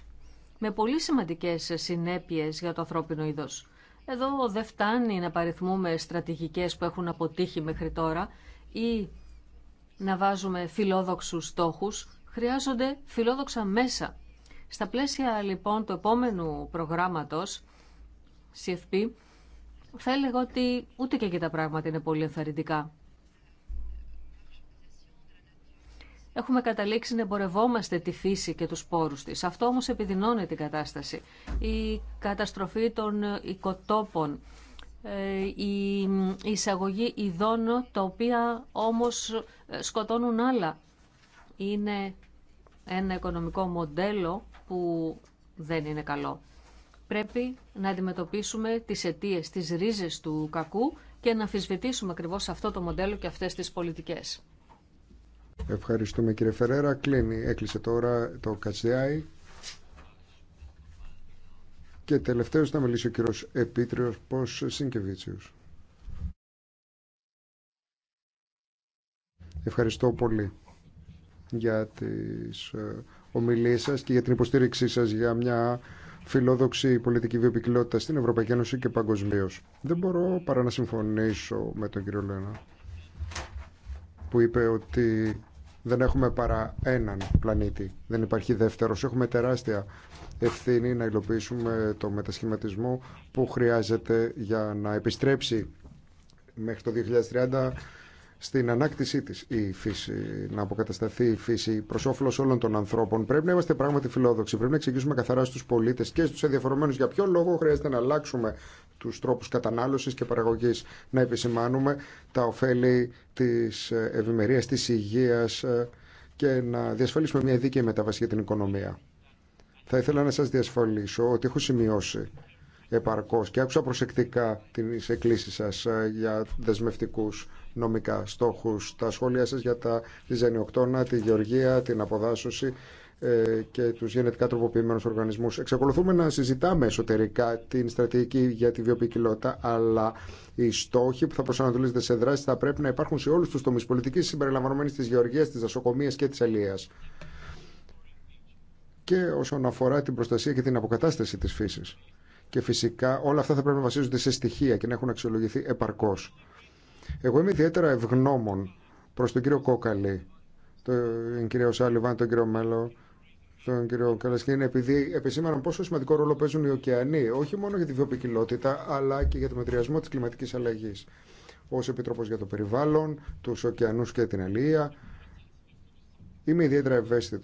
Με πολύ σημαντικέ συνέπειες για το ανθρώπινο είδος. Εδώ δεν φτάνει να παριθμούμε στρατηγικές που έχουν αποτύχει μέχρι τώρα ή να βάζουμε φιλόδοξους στόχου, Χρειάζονται φιλόδοξα μέσα. Στα πλαίσια λοιπόν του επόμενου προγράμματος CFP θα έλεγα ότι ούτε και εκεί τα πράγματα είναι πολύ ενθαρρυντικά. Έχουμε καταλήξει να εμπορευόμαστε τη φύση και τους σπόρους της. Αυτό όμως επιδεινώνει την κατάσταση. Η καταστροφή των οικοτόπων, ε, η εισαγωγή ειδών, τα οποία όμως ε, σκοτώνουν άλλα. Είναι ένα οικονομικό μοντέλο που δεν είναι καλό πρέπει να αντιμετωπίσουμε τις αιτίε, τις ρίζες του κακού και να αμφισβητήσουμε ακριβώς αυτό το μοντέλο και αυτές τις πολιτικές. Ευχαριστούμε κύριε Φερέρα. Κλείνει, έκλεισε τώρα το κατσιάι Και τελευταίος θα μιλήσει ο κύριος Επίτριο Πώς Σίνκεβίτσιος. Ευχαριστώ πολύ για τις ε, ομιλίες σας και για την υποστήριξή σας για μια φιλόδοξη πολιτική βιοπικιλότητα στην Ευρωπαϊκή Ένωση και παγκοσμίω. Δεν μπορώ παρά να συμφωνήσω με τον κύριο Λένα που είπε ότι δεν έχουμε παρά έναν πλανήτη. Δεν υπάρχει δεύτερος. Έχουμε τεράστια ευθύνη να υλοποιήσουμε το μετασχηματισμό που χρειάζεται για να επιστρέψει μέχρι το 2030 στην ανάκτησή της η φύση, να αποκατασταθεί η φύση προς όφελο όλων των ανθρώπων. Πρέπει να είμαστε πράγματι φιλόδοξοι, πρέπει να εξηγήσουμε καθαρά στους πολίτες και στους ενδιαφορομένους για ποιο λόγο χρειάζεται να αλλάξουμε τους τρόπους κατανάλωσης και παραγωγής, να επισημάνουμε τα ωφέλη της ευημερία, της υγείας ε, και να διασφαλίσουμε μια δίκαιη μετάβαση για την οικονομία. Θα ήθελα να σας διασφαλίσω ότι έχω σημειώσει επαρκώς και άκουσα προσεκτικά τις εκκλήσεις σας ε, για δεσμευτικούς νομικά στόχους. Τα σχόλια σας για τα, τη ζενιοκτώνα, τη γεωργία, την αποδάσωση ε, και τους γενετικά τροποποιημένους οργανισμούς. Εξακολουθούμε να συζητάμε εσωτερικά την στρατηγική για τη βιοποικιλότητα, αλλά οι στόχοι που θα προσανατολίζονται σε δράση θα πρέπει να υπάρχουν σε όλους τους τομείς πολιτικής συμπεριλαμβανομένης της γεωργίας, της δασοκομείας και της αλληλεία. Και όσον αφορά την προστασία και την αποκατάσταση της φύσης. Και φυσικά όλα αυτά θα πρέπει να βασίζονται σε στοιχεία και να έχουν αξιολογηθεί επαρκώς. Εγώ είμαι ιδιαίτερα ευγνώμων προς τον κύριο Κόκαλη, τον κύριο Σάλιβαν, τον κύριο Μέλλο, τον κύριο Καλασκίνη, επειδή επισήμαναν πόσο σημαντικό ρόλο παίζουν οι ωκεανοί, όχι μόνο για τη βιοπικιλότητα, αλλά και για το μετριασμό της κλιματικής αλλαγής. Ως Επιτροπός για το Περιβάλλον, τους ωκεανούς και την Αλία, είμαι ιδιαίτερα ευαίσθητο